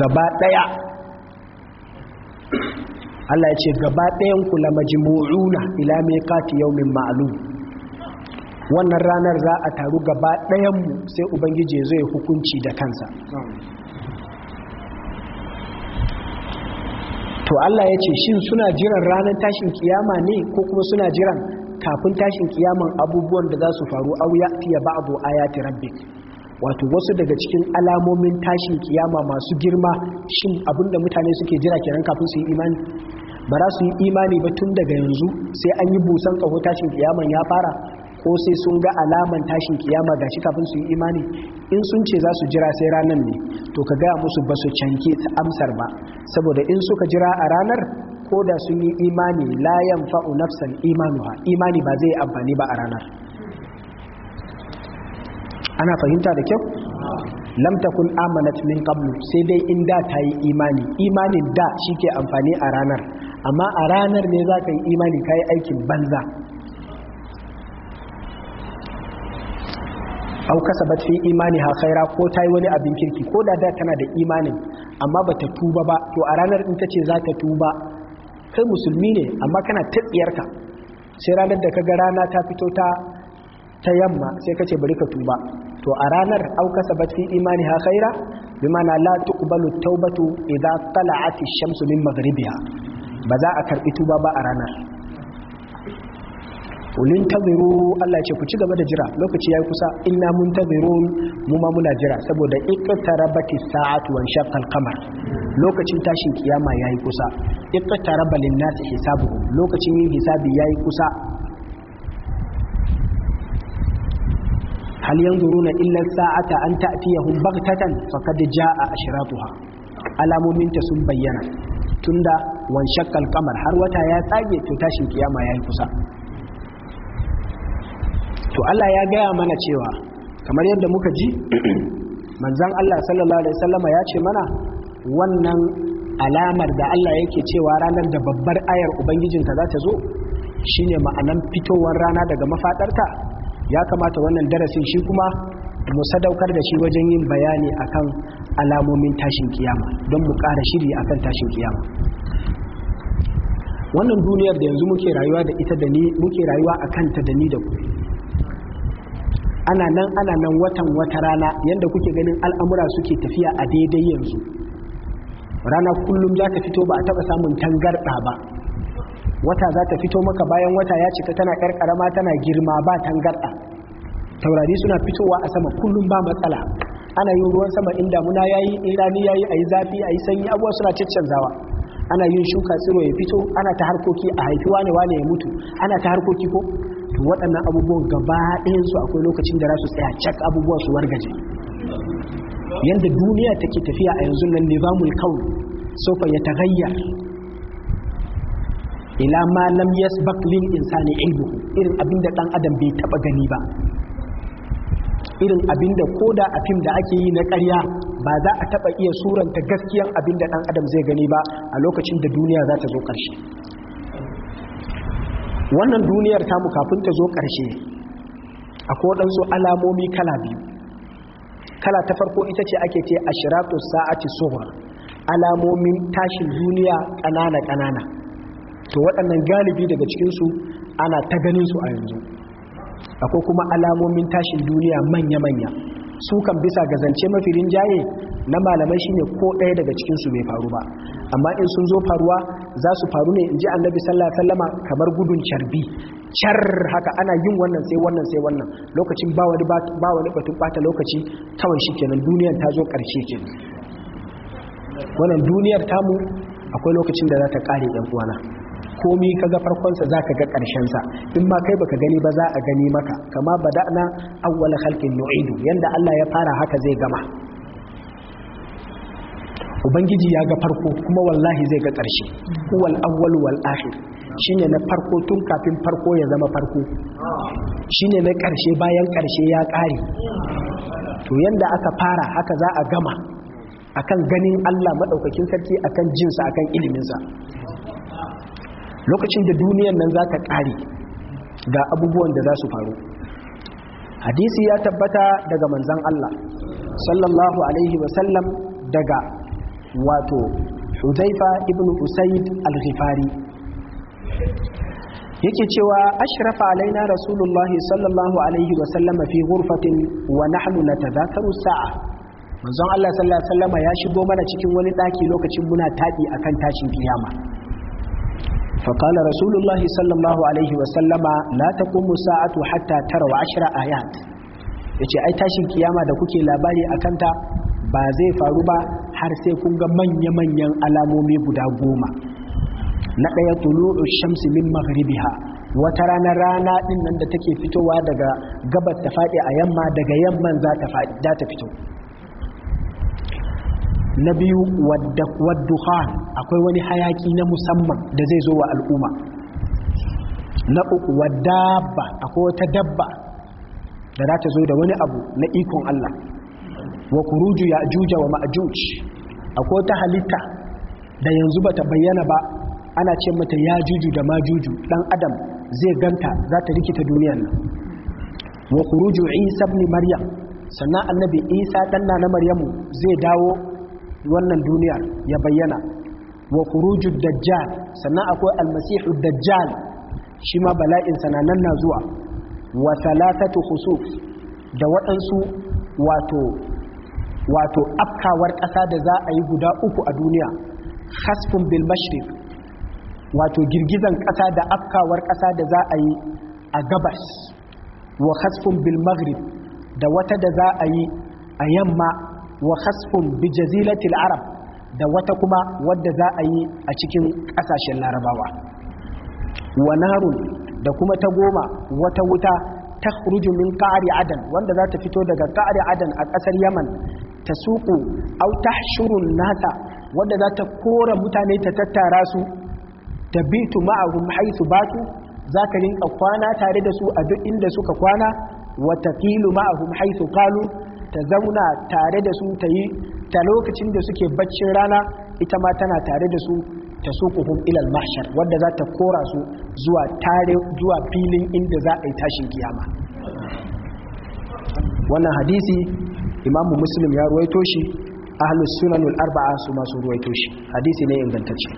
gaba daya Allah ya ce gaba ɗayan ku la majmu'una ila miqati yawmin ma'lum wannan ranar za a taru gaba ɗayan mu sai ubangiji ya zo ya hukunci da kansa to Allah ya ce shin suna jiran ranar tashin kiyama ne ko kuma suna jiran kafin tashin kiyaman abubuwan da za su faru fiye ya tiya ba'du ayati rabbi. wato wasu daga cikin alamomin tashin kiyama masu girma shin abinda mutane suke jira kiran kafin su yi imani ba za su yi imani ba tun daga yanzu sai an yi busan kaho tashin kiyaman ya fara ko sai sun ga alaman tashin kiyama gashi kafin su yi imani in sun ce za su jira sai ranar ne to ka gaya musu ba su canke ta amsar ba saboda in suka jira a ranar ko da sun yi imani la yanfa'u nafsan imanuha imani ba zai amfani ba a ranar ana fahimta da kyau lam takun amanat min qablu sai dai in da ta yi imani imanin da shike amfani a ranar amma a ranar ne za ka yi imani ka yi aikin banza au kasabat fi imani ha khaira ko ta yi wani abin kirki ko da da tana da imanin amma ba ta tuba ba to a ranar in ta ce za ta tuba kai musulmi ne amma kana tatsiyarka sai ranar da ka ga rana ta fito ta ta yamma sai ka ce bari ka tuba to a ranar aukasa basi imani ha khaira bi mana la tuqbalu tawbatu idza tala'at ash-shamsu min maghribiha ba za a karbi tuba ba a ranar ulin tabiru Allah ya ce ku ci gaba da jira lokaci yayi kusa inna muntazirun mu ma muna jira saboda iqtarabati sa'atu wan shaqqa al-qamar lokacin tashin kiyama yayi kusa iqtarabalin nasi hisabu lokacin yin hisabi yayi kusa hal yanzuruna illa sa'ata an ta'tiyahum baghtatan faqad jaa ashratuha alamomin ta sun bayyana tunda wan kamar har wata ya tsage to tashin kiyama yayi kusa to Allah ya gaya mana cewa kamar yadda muka ji manzon Allah sallallahu ya ce mana wannan alamar da Allah yake cewa ranar da babbar ayar ubangijinta za ta zo shine ma'anar fitowar rana daga mafaɗarta. ya kamata wannan darasin shi kuma mu sadaukar da shi wajen yin bayani akan alamomin tashin kiyama don mu ƙara shiri akan tashin kiyama wannan duniyar da yanzu muke rayuwa da ita da ni muke rayuwa akan ta da ni da ku ana nan ana nan watan wata rana yadda kuke ganin al'amura suke tafiya a daidai yanzu rana kullum za ta fito ba a taɓa samun tangarɗa ba wata za ta fito maka bayan wata ya cika tana ƴar ƙarama tana girma ba tangarɗa taurari suna fitowa a sama kullum ba matsala ana yin ruwan sama in damuna yayi in rani yayi ayi zafi ayi sanyi abuwa suna caccanzawa ana yin shuka tsiro ya fito ana ta harkoki a haifi wane wane ya mutu ana ta harkoki ko to waɗannan abubuwan gaba ɗayan su akwai lokacin da za su tsaya cak abubuwa su wargaje yanda duniya take tafiya a yanzu nan ne ba yi kawo sofa ya ta tagayyar ila ma lam yasbaq lil insani ilmu irin abinda dan adam bai taba gani ba irin abinda koda a fim da ake yi na ƙarya ba za a taba iya suranta gaskiyan abinda dan adam zai gani ba a lokacin da duniya za ta zo ƙarshe wannan duniyar tamu kafin ta zo ƙarshe akwai waɗansu alamomi kala biyu kala ta farko ita ce ake ce ashiratu sa'ati sughra alamomin tashin duniya ƙanana ƙanana to waɗannan galibi daga cikinsu ana ta ganin su a yanzu akwai kuma alamomin tashin duniya manya-manya su kan bisa ga zance mafi rinjaye na malamai shine ko ɗaya daga cikinsu bai faru ba amma in sun zo faruwa za su faru ne in ji annabi sallallahu alaihi kamar gudun carbi car haka ana yin wannan sai wannan sai wannan lokacin ba wani batun bata lokaci kawai shikenan duniyar ta zo ƙarshe kenan wannan duniyar tamu akwai lokacin da za ta ƙare yan uwana komi kaga farkonsa zaka ga karshen sa in ma kai baka gani ba za a gani maka kama bada'na awwal khalqin nu'idu yanda Allah ya fara haka zai gama ubangiji ya ga farko kuma wallahi zai ga ƙarshe huwal awwal wal akhir shine na farko tun kafin farko ya zama farko shine na ƙarshe bayan ƙarshe ya ƙare to yanda aka fara haka za a gama akan ganin Allah madaukakin sarki akan jinsa akan iliminsa lokacin da duniyan nan za ta ƙare ga abubuwan da za su faru hadisi ya tabbata daga manzan Allah sallallahu alaihi wasallam daga wato huzaifa ibn usaid al-ghifari yake cewa ashrafa alaina rasulullahi sallallahu alaihi wasallam fi ghurfatin wa nahnu natadhakaru sa'a manzon Allah sallallahu alaihi ya shigo mana cikin wani daki lokacin muna taɗi akan tashin kiyama فقال رسول الله صلى الله عليه وسلم لا تقوم الساعة حتى عشر آيات yace ai tashin kiyama da kuke labari a kanta ba zai faru ba har sai kun ga manya-manyan alamomi guda goma na ɗaya tulu'u shamsi min maghribiha wata rana rana ɗin nan da take fitowa daga gabar ta faɗi a yamma daga yamman za ta fito na biyu waddukhan akwai wani hayaki na musamman da zai zo wa al'umma na uku wadda akwai wata dabba da za ta zo da wani abu na ikon Allah wa kuruju ya juja wa ma'ajuj akwai wata halitta da yanzu ba ta bayyana ba ana ce mata ya juju da majuju dan adam zai ganta za ta rikita duniyar nan wa kuruju isa ibn maryam sannan annabi isa dan na maryamu zai dawo wannan duniyar ya bayyana wa kuruju dajjal sannan akwai almasihu dajjal shi ma bala'in sananan na zuwa wa thalathatu khusuf da waɗansu wato wato afkawar ƙasa da za a yi guda uku a duniya hasfun bilmashrif wato girgizan ƙasa da afkawar ƙasa da za a yi a gabas wa hasfun bilmagrib da wata da za a yi a yamma wa khasfun bi jazilatil arab da wata kuma wadda za a yi a cikin ƙasashen larabawa wa narun da kuma ta goma wata wuta ta min ƙari adan wanda za ta fito daga ƙari adan a ƙasar yaman ta suku au ta shurun nasa wadda za ta kora mutane ta tattara su ta bitu ma'ahum haisu batu za ka rinka kwana tare da su a duk inda suka kwana wata kilu ma'ahum haisu kalu ta zauna tare da su ta yi ta lokacin da suke baccin rana ita ma tana tare da su ta suquhum ilal mashar, wadda za ta kora su zuwa tare zuwa filin inda za a yi tashin kiyama wannan hadisi imamu muslim ya ruwaito shi ahlus sunanul arba'a su masu ruwaito shi hadisi ne ingantacce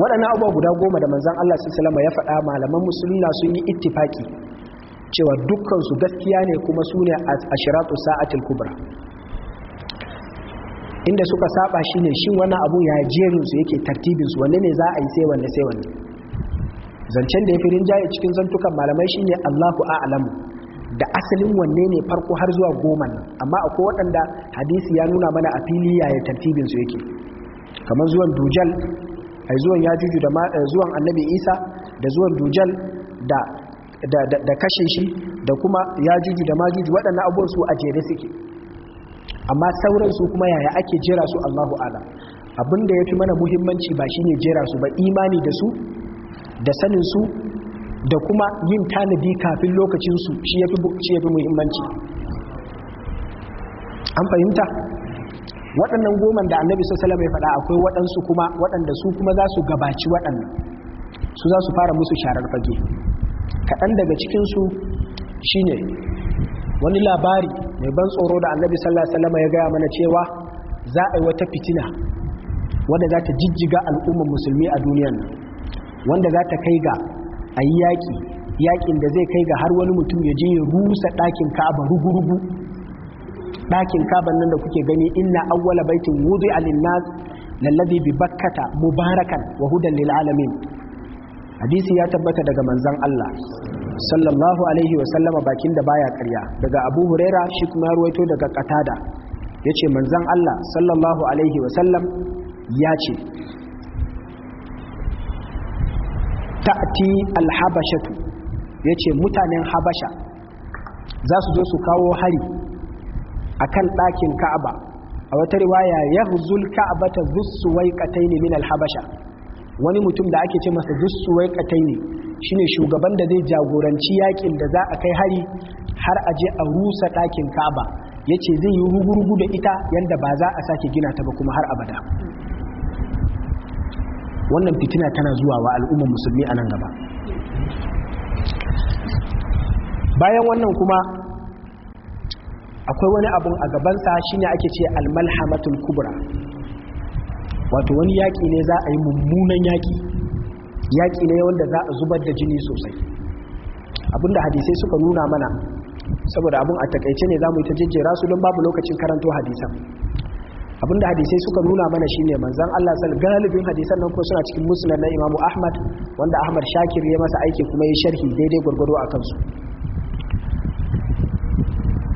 waɗannan abubuwa guda goma da manzan Allah su salama ya faɗa malaman musulina sun yi ittifaki cewa dukkansu gaskiya ne kuma su ne ashiratu sa'atul kubra inda suka saba shine shin wannan abu ya jerin su yake tartibin su wanne ne za a yi sai wanne sai wanne zancen da ya fi rinjaye cikin zantukan malamai shine Allahu a'lamu da asalin wanne ne farko har zuwa goma nan amma akwai waɗanda hadisi ya nuna mana a fili yaya tartibinsu su yake kamar zuwan dujal ai zuwan yajuju da eh, zuwan annabi Isa da zuwan dujal da da kashe shi da kuma ya jiji da majuju waɗannan abubuwan su a jere suke amma sauransu kuma yaya ake jera su Allahu ala Abun da ya fi mana muhimmanci ba shine jera su ba imani da su da sanin su da kuma yin tanadi kafin lokacin su shi ya fi muhimmanci an fahimta waɗannan goman da annabi sassala mai faɗa akwai waɗansu kuma waɗanda su kuma za su gabaci waɗannan su za su fara musu sharar fage kaɗan daga cikinsu shine wani labari mai ban tsoro da annabi sallallahu ya gaya mana cewa za a yi wata fitina wanda za ta jijjiga al'ummar musulmi a duniyan nan wanda za ta kai ga a yi yaƙi yaƙin da zai kai ga har wani mutum ya je ya rusa ɗakin ka'aba rugurugu ɗakin kaban nan da kuke gani inna awwala baitin wudu alinnas lallazi bi bakkata mubarakan wa hudan lil alamin hadisi ya tabbata daga manzon Allah sallallahu alaihi wa sallama bakin da baya karya daga Abu Huraira shi kuma ruwaito daga Qatada yace manzon Allah sallallahu alaihi wa sallam ya ce. ta'ti al yace mutanen habasha za su zo su kawo hari akan ɗakin Ka'aba a wata riwaya yaghzul ka'aba dhus suwaiqatayn min al-habasha wani mutum da ake ce masa zuwai katai ne shine shugaban da zai jagoranci yakin da za a kai hari har a je a rusa ɗakin kaba, ya ce zai yi rugurugu da ita yadda ba za a sake gina ta ba kuma har abada wannan fitina tana zuwa wa al'ummar musulmi a nan gaba bayan wannan kuma akwai wani abun a gabansa shine ake ce almalhamatul kubra wato wani yaƙi ne za a yi mummunan yaƙi yaƙi ne wanda za a zubar da jini sosai abinda hadisai suka nuna mana saboda abin a takaice ne za mu yi ta jejjera su don babu lokacin karanto hadisan abinda hadisai suka nuna mana shine manzan Allah sal galibin hadisan nan kuma suna cikin musnad na imamu Ahmad wanda Ahmad Shakir ya masa aiki kuma ya sharhi daidai gwargwado a kansu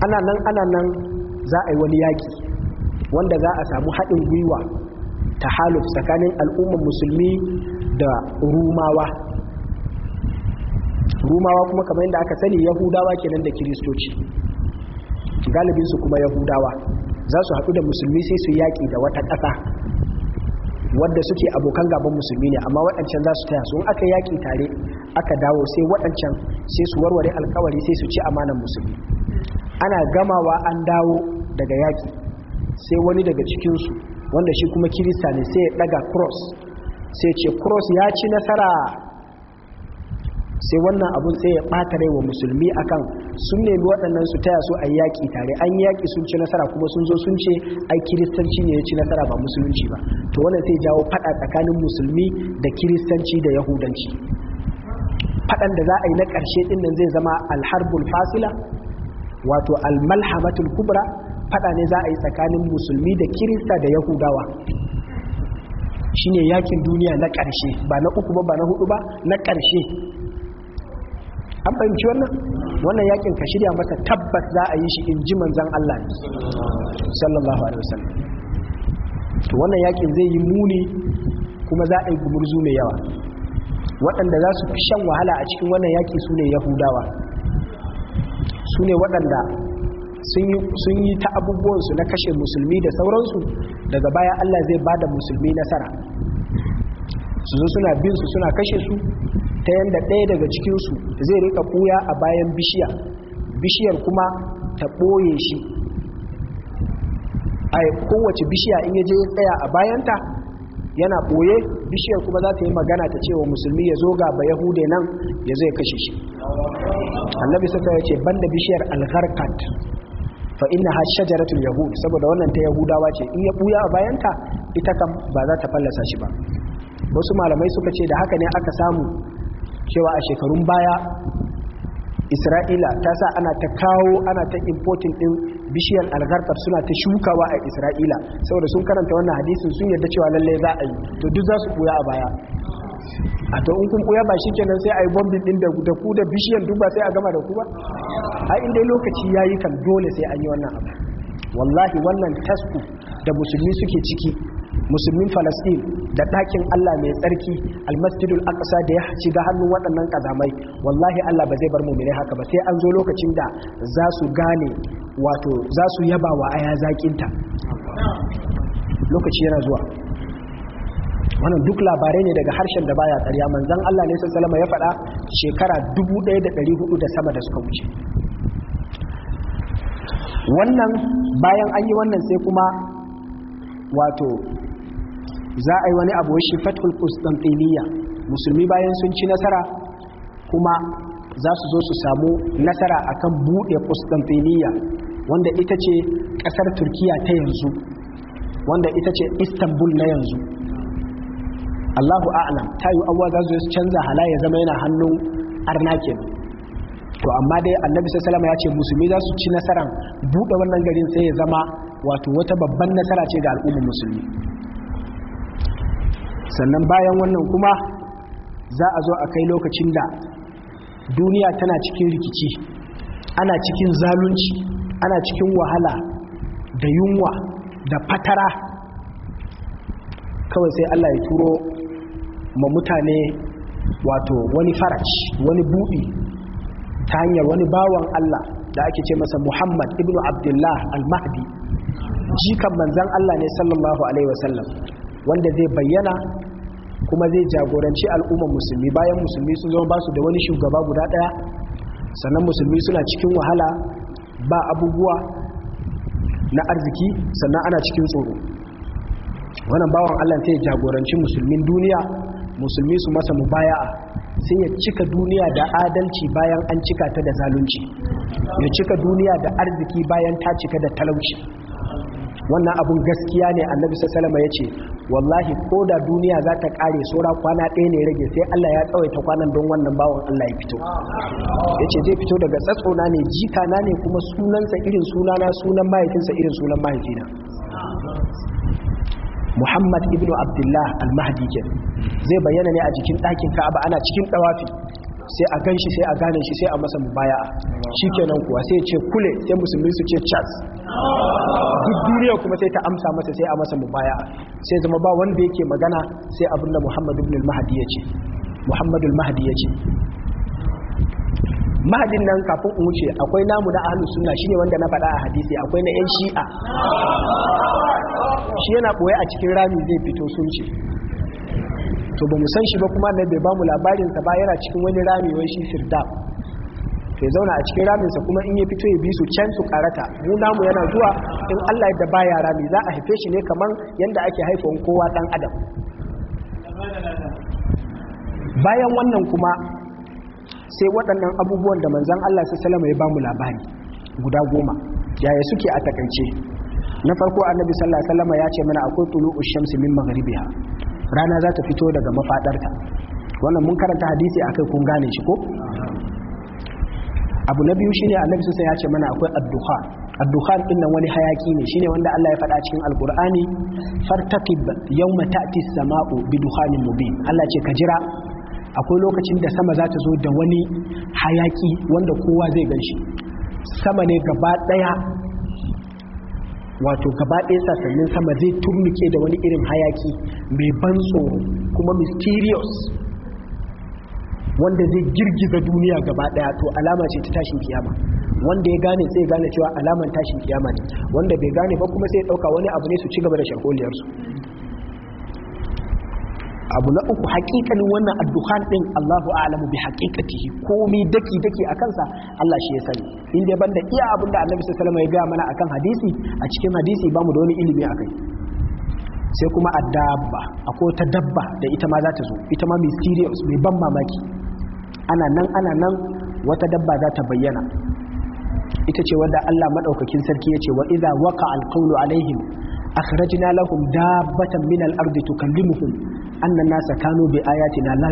ana nan ana nan za a yi wani yaki wanda za a samu haɗin gwiwa tahaluf tsakanin al'ummar musulmi da rumawa rumawa kuma kamar yadda aka sani yahudawa kenan da kiristoci galibinsu kuma yahudawa za su haɗu da musulmi sai su yaƙi da wata ƙasa wadda suke abokan gaban musulmi ne amma waɗancan za su taya su aka yaƙi tare aka dawo sai waɗancan sai su warware alkawari sai su ci amanan musulmi ana gamawa an dawo daga yaƙi sai wani daga cikinsu wanda shi kuma kirista ne sai ya daga cross sai ce cross ya ci nasara sai wannan abun sai ya bata rai wa musulmi akan sun nemi waɗannan su taya su a yaƙi tare an yaƙi sun ci nasara kuma sun zo sun ce ai kiristanci ne ya ci nasara ba musulunci ba to wannan sai jawo faɗa tsakanin musulmi da kiristanci da yahudanci faɗan da za a yi na ƙarshe ɗin zai zama alharbul fasila wato almalhamatul kubra fada ne za a yi tsakanin musulmi da kirista da yahudawa shine yakin duniya na ƙarshe ba na uku ba ba na hudu ba na ƙarshe an fahimci wannan wannan yakin ka shirya mata tabbas za a yi shi in ji manzan Allah sallallahu alaihi wasallam to wannan yakin zai yi muni kuma za a yi gumurzu mai yawa waɗanda za su fi shan wahala a cikin wannan yaki su ne yahudawa su ne waɗanda sun yi ta abubuwansu na kashe musulmi da sauransu daga baya Allah zai ba da musulmi nasara su zo suna bin su suna kashe su ta yadda ɗaya daga cikinsu zai rika ɓuya a bayan bishiya bishiyar kuma ta ɓoye shi a kowace bishiya in yaje ya tsaya a bayanta yana ɓoye bishiyar kuma za ta yi magana ta cewa musulmi ya zo ga ba yahude nan ya zai kashe shi annabi saka ya ce banda bishiyar alharkat fa inna ha shajaratul yahud saboda wannan ta yahudawa ce in ya buya a bayanta ita kam ba za ta fallasa shi ba wasu malamai suka ce da haka ne aka samu cewa a shekarun baya isra'ila ta sa ana ta kawo ana ta importing din bishiyar algartar suna ta shukawa a isra'ila saboda sun karanta wannan hadisin sun yarda cewa lalle za a yi to duk za su buya a baya a to in kun buya ba shi kenan sai a yi bombin din da ku da bishiyar duk ba sai a gama da ku ba a inda lokaci yayi kan dole sai an yi wannan abu wallahi wannan tasku da musulmi suke ciki musulmin falastin da ɗakin allah mai tsarki almasjidul aqsa da ya shiga hannun waɗannan kazamai wallahi allah ba zai bar mumine haka ba sai an zo lokacin da za su gane wato za su yaba wa aya zakinta lokaci yana zuwa wannan duk labarai ne daga harshen da baya tsariya manzon Allah ne Salama ya faɗa shekara dubu ɗaya da sama da suka wuce wannan bayan an yi wannan sai kuma wato za a yi wani abu shi fatul kustantiniya musulmi bayan sun ci nasara kuma za su zo su samu nasara akan buɗe kustantiniya wanda ita ce ƙasar turkiya ta yanzu wanda ita ce istanbul na yanzu allahu a'alam ta yi abuwa za su canza halaya zama yana hannun arnakin to amma dai annabi sassalama ya ce musulmi za su ci nasaran buɗe wannan garin sai ya zama wato wata babban nasara ce ga al'ummar musulmi sannan bayan wannan kuma za a zo a kai lokacin da duniya tana cikin rikici ana cikin zalunci ana cikin wahala da yunwa da fatara kawai sai Allah ya turo ma mutane wato wani faraj wani buɗi ta hanyar wani bawan Allah da ake ce masa Muhammad Ibnu Abdullah al-Mahdi jikan manzan Allah ne sallallahu alaihi wasallam wanda zai bayyana kuma zai jagoranci al'ummar musulmi bayan musulmi sun zama basu da wani shugaba guda ɗaya sannan musulmi suna cikin wahala ba abubuwa na arziki sannan ana cikin tsoro wannan bawan allah sai ya jagoranci musulmin duniya musulmi su masa mubaya'a sai ya cika duniya da adalci bayan an cika ta da zalunci ya cika duniya da arziki bayan ta cika da talauci wannan abun gaskiya ne annabi sallallahu ya ce wallahi ko da duniya za ta kare saura kwana ɗaya ne rage sai Allah ya tsawaita kwanan don wannan bawan Allah ya fito ya ce zai fito daga tsatsona ne jika ne kuma sunansa irin sunana sunan mahaifinsa irin sunan mahaifina Muhammad Ibnu Abdullah al-Mahdi zai bayyana ne a jikin ɗakin Ka'aba ana cikin ɗawafi sai a ganshi sai a gane shi sai a masa ke shikenan kuwa sai ce kule sai musulmi su ce chas duk duniya kuma sai ta amsa masa sai a masa mubaya sai zama ba wanda yake magana sai abin da Muhammadu ibn al-Mahdi ya ce Muhammadu al-Mahdi ya ce mahadin nan kafin in wuce akwai namu na ahlus sunna shine wanda na faɗa a hadisi akwai na yan shi'a shi yana ɓoye a cikin rami zai fito sun ce to ba mu san shi ba kuma ne bai ba mu labarin sa ba yana cikin wani rami wai shi firda to zauna a cikin ramin sa kuma in ya fito ya bi su can su karata mu mu yana zuwa in Allah ya baya rami za a haife shi ne kaman yanda ake haifon kowa dan adam bayan wannan kuma sai waɗannan abubuwan da manzon Allah sallallahu ya ba mu labari guda goma yaya suke a takaice na farko annabi sallallahu alaihi ya ce mana akwai tulu'ush shamsi min maghribiha rana za ta fito daga mafaɗarta. wannan mun karanta hadisi akai kun gane shi ko abu na biyu shine annabi sun ya ce mana akwai addu'a. addu'a ɗin nan wani hayaki ne shine wanda Allah ya faɗa cikin alqur'ani fartaqib yawma ta'ti as-sama'u bi duhanin mubin Allah ce ka jira akwai lokacin da sama za ta zo da wani hayaki wanda kowa zai shi sama ne gaba ɗaya. wato gaba ɗaya sassanin sama zai turmike da wani irin hayaki mai ban tsoro kuma mysterious wanda zai girgiza duniya gaba ɗaya to alama ce ta tashin kiyama wanda ya gane sai gane cewa alaman tashin kiyama ne wanda bai gane ba kuma sai ya ɗauka wani abu ne su ci gaba da shakoliyarsu abu na uku hakikalin wannan addu'an din Allahu a'lamu bi haqiqatihi komai daki daki a kansa Allah shi ya sani in dai banda iya abin da Annabi sallallahu alaihi wasallam ya ga mana akan hadisi a cikin hadisi bamu da wani ilimi akai sai kuma addabba akwai ta dabba da ita ma za ta zo ita ma mysterious mai ban mamaki ana nan ana nan wata dabba za ta bayyana ita ce wadda Allah madaukakin sarki ya ce wa idza waqa alqawlu alaihim akhrajna lahum dabbatan min al-ardi tukallimuhum annan nasa kanu bi ayatina la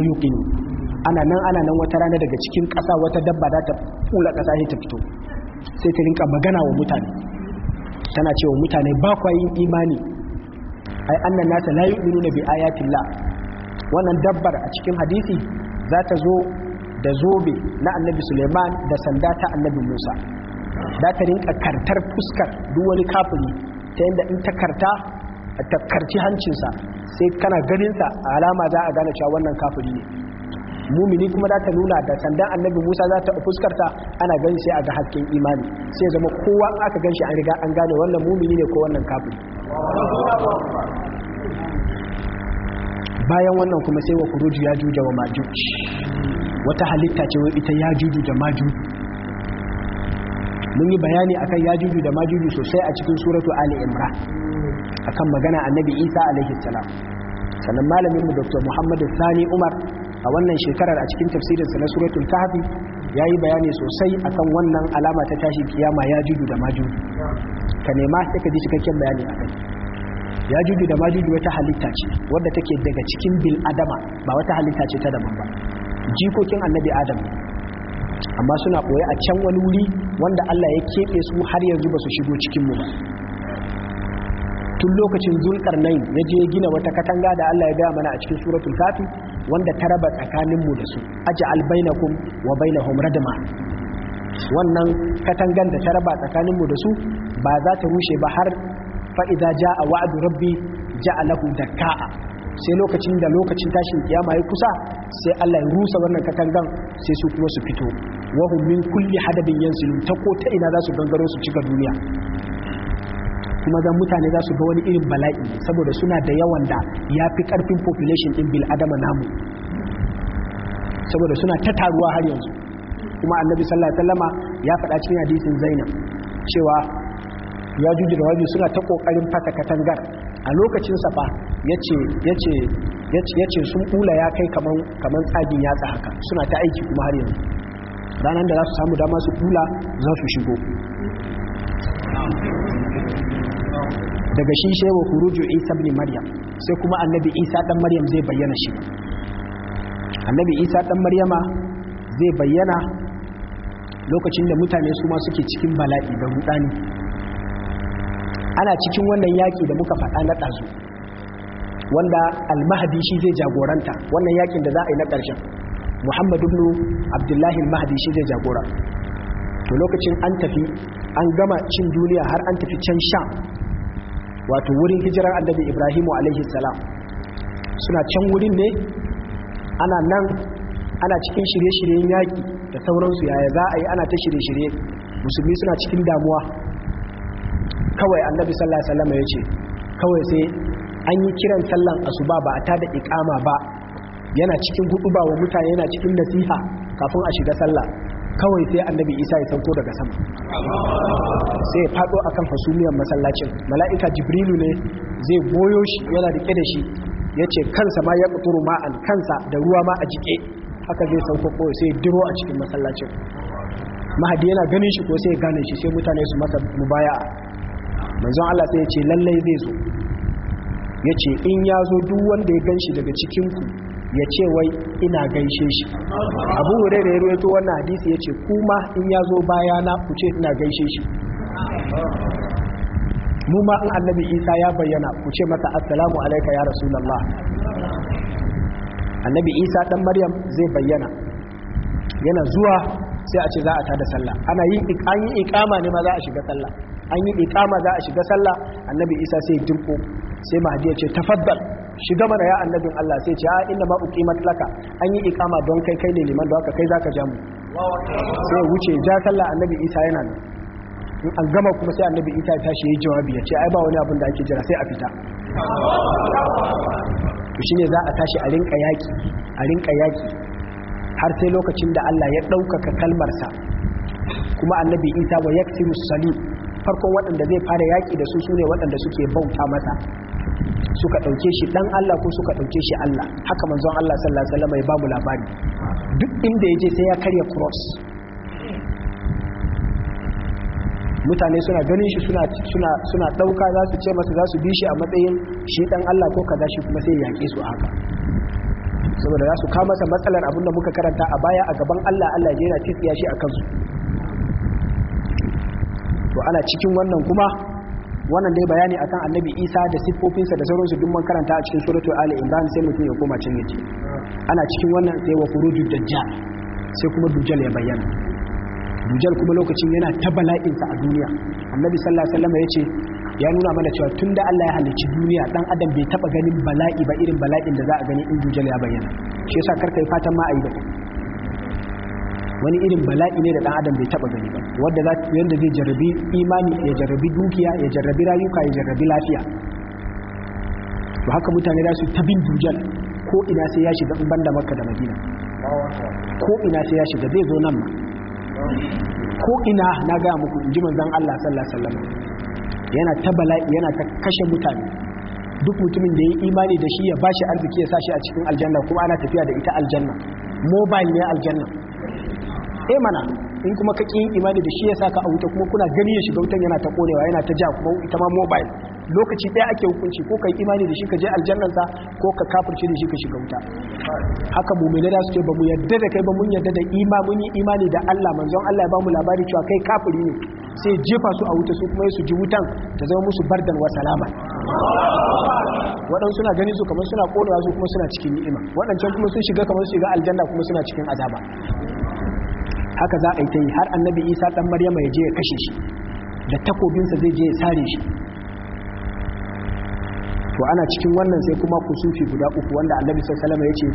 ana nan ana nan wata rana daga cikin ƙasa wata dabba za ta kula ƙasa ne ta fito sai ta rinka magana wa mutane tana ce wa mutane ba kwa yin imani ai annan nasa la na bi ayatina wannan dabbar a cikin hadisi za ta zo da zobe na annabi Suleiman da sanda ta annabi Musa za ta rinka kartar fuskar duk wani kafiri ta yadda in ta karta ta karci hancinsa sai kana ganinsa alama za a gane cewa wannan kafiri ne mumini kuma za ta nuna da sandan annabi musa za ta fuskarta ana gani sai a ga hasken imani sai zama kowa aka gan shi an riga an gane wannan mumini ne ko wannan kafiri bayan wannan kuma sai wa kuruji ya juja wa majuj wata halitta ce ita ya juju da majuj mun yi bayani akan ya juju da majuju sosai a cikin suratu ali imran akan magana annabi isa alaihi salam sannan malaminmu dr muhammadu sani umar a wannan shekarar a cikin tafsirinsa na suratul kahfi ya yi bayani sosai akan wannan alama ta tashi kiyama ya juju da majuju ka nema sai ka ji cikakken bayani a kai ya juju da majuju wata halitta ce wadda take daga cikin bil adama ba wata halitta ce ta daban ba jikokin annabi adam amma suna koyi a can wani wuri wanda Allah ya keɓe su har yanzu ba su shigo cikin mu ba tun lokacin zulkar nai ya je gina wata katanga da Allah ya gaya mana a cikin suratul kafi wanda ta raba tsakaninmu da su aj'al bainakum wa bainahum radma wannan katangan da ta raba tsakaninmu da su ba za ta rushe ba har fa idza jaa wa'adu rabbi ja'alahu dakka'a sai lokacin da lokacin tashin kiyama ya kusa sai Allah ya rusa wannan katangan sai su kuma su fito wa hum min kulli hadabin yansilun ta ko ta ina za su gangaro su cika duniya kuma zan mutane za su ga wani irin bala'i saboda suna da yawan da ya fi karfin population din bil adama namu saboda suna ta taruwa har yanzu kuma annabi sallallahu alaihi wasallama ya faɗa cikin hadisin zainab cewa ya juji da wani suna ta kokarin fata katangar a lokacin safa yace yace yace sun kula ya kai kaman kaman tsagin yatsa haka suna ta aiki kuma har yanzu ranar da za su samu dama su kula za su shigo daga shi shewa kuruju isa ne maryam sai kuma annabi isa dan maryam zai bayyana shi annabi isa dan maryama zai bayyana lokacin da mutane su ma suke cikin bala'i da rudani ana cikin wannan yaki da muka faɗa na ɗazu wanda al al-mahdi shi zai jagoranta wannan yakin da za a yi na ƙarshen muhammadu ibn abdullahi al-mahdi shi zai jagora to lokacin an tafi an gama cin duniya har an tafi can sha wato wurin hijirar annabi ibrahimu alaihi salam suna can wurin ne ana nan ana cikin shirye-shiryen yaƙi da sauransu yaya za a yi ana ta shirye-shirye musulmi suna cikin damuwa kawai annabi sallallahu alaihi wasallam ya ce kawai sai an yi kiran sallan asuba ba a tada ikama ba yana cikin hudu ba wa mutane yana cikin nasiha kafin a shiga sallah kawai sai annabi isa ya sauko daga sama sai ya a kan hasumiyar masallacin mala'ika jibrilu ne zai goyo shi yana rike da shi ya ce kansa ma ya kuturu ma'an kansa da ruwa ma a jike haka zai sauko ko sai diro a cikin masallacin mahadi yana ganin shi ko sai ya gane shi sai mutane su masa mubaya manzon Allah sai ya ce lallai zai zo ya ce in ya zo duk wanda ya gan shi daga cikinku ya ce wai ina gaishe shi abu hure da ya ruwaito wannan hadisi ya ce kuma in ya zo bayana ku ce ina gaishe shi mu ma an annabi isa ya bayyana ku ce mata assalamu alaika ya rasulallah annabi isa dan maryam zai bayyana yana zuwa sai a ce za a tada sallah ana yi an yi ikama ne ma za a shiga sallah an yi ikama za a shiga sallah annabi isa sai dinko sai mahdi ya ce tafaddal shiga mana ya annabin Allah sai ce a ah, inna ma uqimat laka an yi ikama don kai kai ne liman da haka kai zaka ja mu sai wuce ja sallah annabi Isa yana nan in an gama kuma sai annabi Isa ya tashi yayi jawabi ya ce ai ba wani abin da ake jira sai a fita to shine za a tashi a rinka yaki a rinka yaki har sai lokacin da Allah ya ɗaukaka kalmarsa kuma annabi Isa wa yaksiru salim farkon waɗanda zai fara yaƙi da su su ne waɗanda suke bauta masa suka ɗauke shi ɗan Allah ko suka ɗauke shi Allah haka manzon Allah sallallahu alaihi wasallam ya labari duk inda ya je sai ya karya cross mutane suna ganin shi suna suna suna dauka za su ce masa za su bi shi a matsayin shi dan Allah ko kaza shi kuma sai ya yake su haka saboda za su kawo masa matsalar abinda muka karanta a baya a gaban Allah Allah ya yana tsiya shi a kansu to ana cikin wannan kuma wannan dai bayani akan annabi isa da siffofinsa da sauransu duk mun karanta a cikin suratu ali imran sai mutum ya koma cin yaji ana cikin wannan sai wa furujud dajjal sai kuma dujal ya bayyana dujal kuma lokacin yana ta bala'insa a duniya annabi sallallahu ya ce ya nuna mana cewa tunda Allah ya halicci duniya dan adam bai taba ganin bala'i ba irin bala'in da za a gani in dujal ya bayyana shi yasa karka yi fatan ma a yi wani irin bala'i ne da dan adam bai taba gani ba wanda za yanda zai jarabi imani ya jarabi dukiya ya jarabi rayuka ya jarabi lafiya to haka mutane za su tabin dujal ko ina sai ya shiga in banda makka da madina ko ina sai ya shiga zai zo nan ma ko ina na gaya muku in ji manzon Allah sallallahu alaihi wasallam yana ta bala'i yana ta kashe mutane duk mutumin da ya yi imani da shi ya bashi arziki ya sashi a cikin aljanna kuma ana tafiya da ita aljanna mobile ne aljanna eh mana in kuma ka ƙi imani da shi ya saka a wuta kuma kuna gani ya shiga wutan yana ta konewa yana ta ja kuma ita ma mobile lokaci ɗaya ake hukunci ko ka yi imani da shi ka je aljannansa ko ka kafirce da shi ka shiga wuta haka mu da su ce ba mu yadda da kai ba mun yadda da ima mun yi imani da Allah manzon Allah ya ba mu labari cewa kai kafiri ne sai jefa su a wuta su kuma su ji wutan ta zama musu bardan wa salama waɗansu suna gani su kamar suna konewa su kuma suna cikin ni'ima waɗancan kuma sun shiga kamar su shiga aljanna kuma suna cikin azaba haka za a yi ta yi har annabi isa dan maryama ya je ya kashe shi da takobinsa zai je ya sare shi to ana cikin wannan sai kuma ku sufi guda uku wanda annabi salama ya ce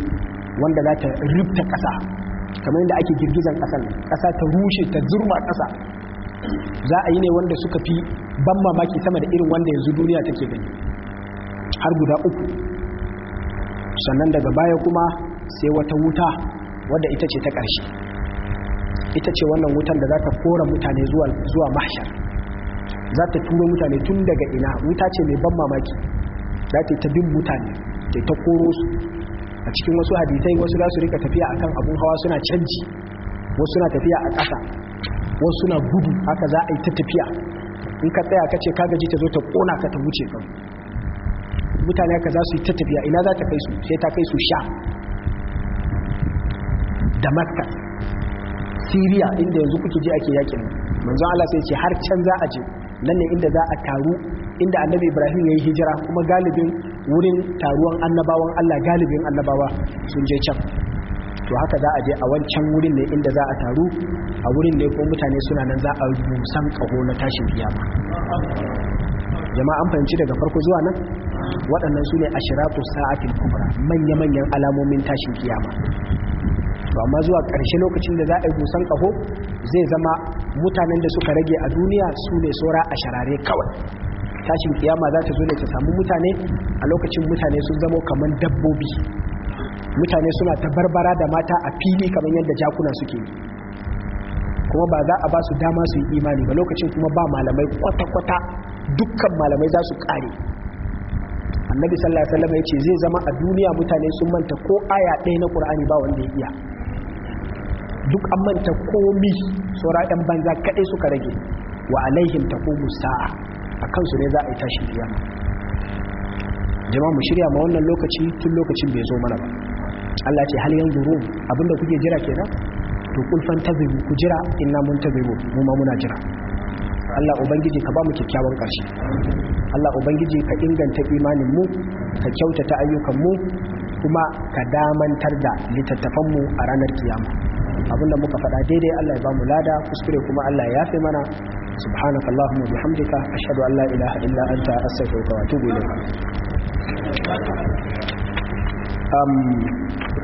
wanda za ta rubta ƙasa kamar yadda ake girgizan ƙasan, ƙasa ta rushe ta zurma ƙasa za a yi ne wanda suka fi ban mamaki sama da irin wanda yanzu duniya take gani har guda uku sannan daga baya kuma sai wata wuta wadda ita ce ta ƙarshe ita ce wannan wutan da za ta kora mutane zuwa mahshar za ta turo mutane tun daga ina wuta ce mai ban mamaki za ta yi ta bin mutane ta yi ta koro su a cikin wasu hadisai wasu za su rika tafiya a kan abun hawa suna canji wasu suna tafiya a ƙasa wasu suna gudu haka za a yi ta tafiya in ka tsaya ka ce ka gaji ta zo ta kona ka ta wuce kan mutane haka za su yi ta tafiya ina za ta kai su sai ta kai su sha da makka Siriya inda yanzu kuke ji ake yakin manzo Allah sai ce har can za a je nan ne inda za a taru inda annabi Ibrahim yayi hijira kuma galibin wurin taruwan annabawan Allah galibin annabawa sun je can to haka za a je a wancan wurin ne inda za a taru a wurin ne ko mutane suna nan za a rusan kaho na tashin kiyama jama'a an fahimci daga farko zuwa nan waɗannan su ne ashiratu sa'atil kubra manya-manyan alamomin tashin kiyama to amma zuwa ƙarshe lokacin da za a yi busan ƙaho zai zama mutanen da suka rage a duniya su ne saura a sharare kawai tashin kiyama za ta zo ne ta samu mutane a lokacin mutane sun zama kamar dabbobi mutane suna ta barbara da mata a fili kamar yadda jakuna suke yi kuma ba za a ba su dama su yi imani ba lokacin kuma ba malamai kwata-kwata dukkan malamai za su kare. annabi sallallahu alaihi wasallam ya ce zai zama a duniya mutane sun manta ko aya ɗaya na qur'ani ba wanda ya iya duk an manta komi saura yan banza kaɗai suka rage wa alaihim ko sa'a a kansu ne za a yi tashi kiyama jama'a mu shirya ma wannan lokaci tun lokacin bai zo mana ba Allah ce hal yanzu yanzuru abinda kuke jira kenan to kulfan ta tazibu ku jira inna mun tazibu mu ma muna jira Allah ubangiji ka ba mu kyakkyawan ƙarshe Allah ubangiji ka inganta imanin mu ka kyautata ayyukan mu kuma ka damantar da littattafan mu a ranar kiyama abinda muka faɗa daidai Allah ya bamu lada kuskure kuma Allah ya yafe mana subhanakallahumma bihamdika ashhadu an la ilaha illa anta astaghfiruka wa atubu ilayk um,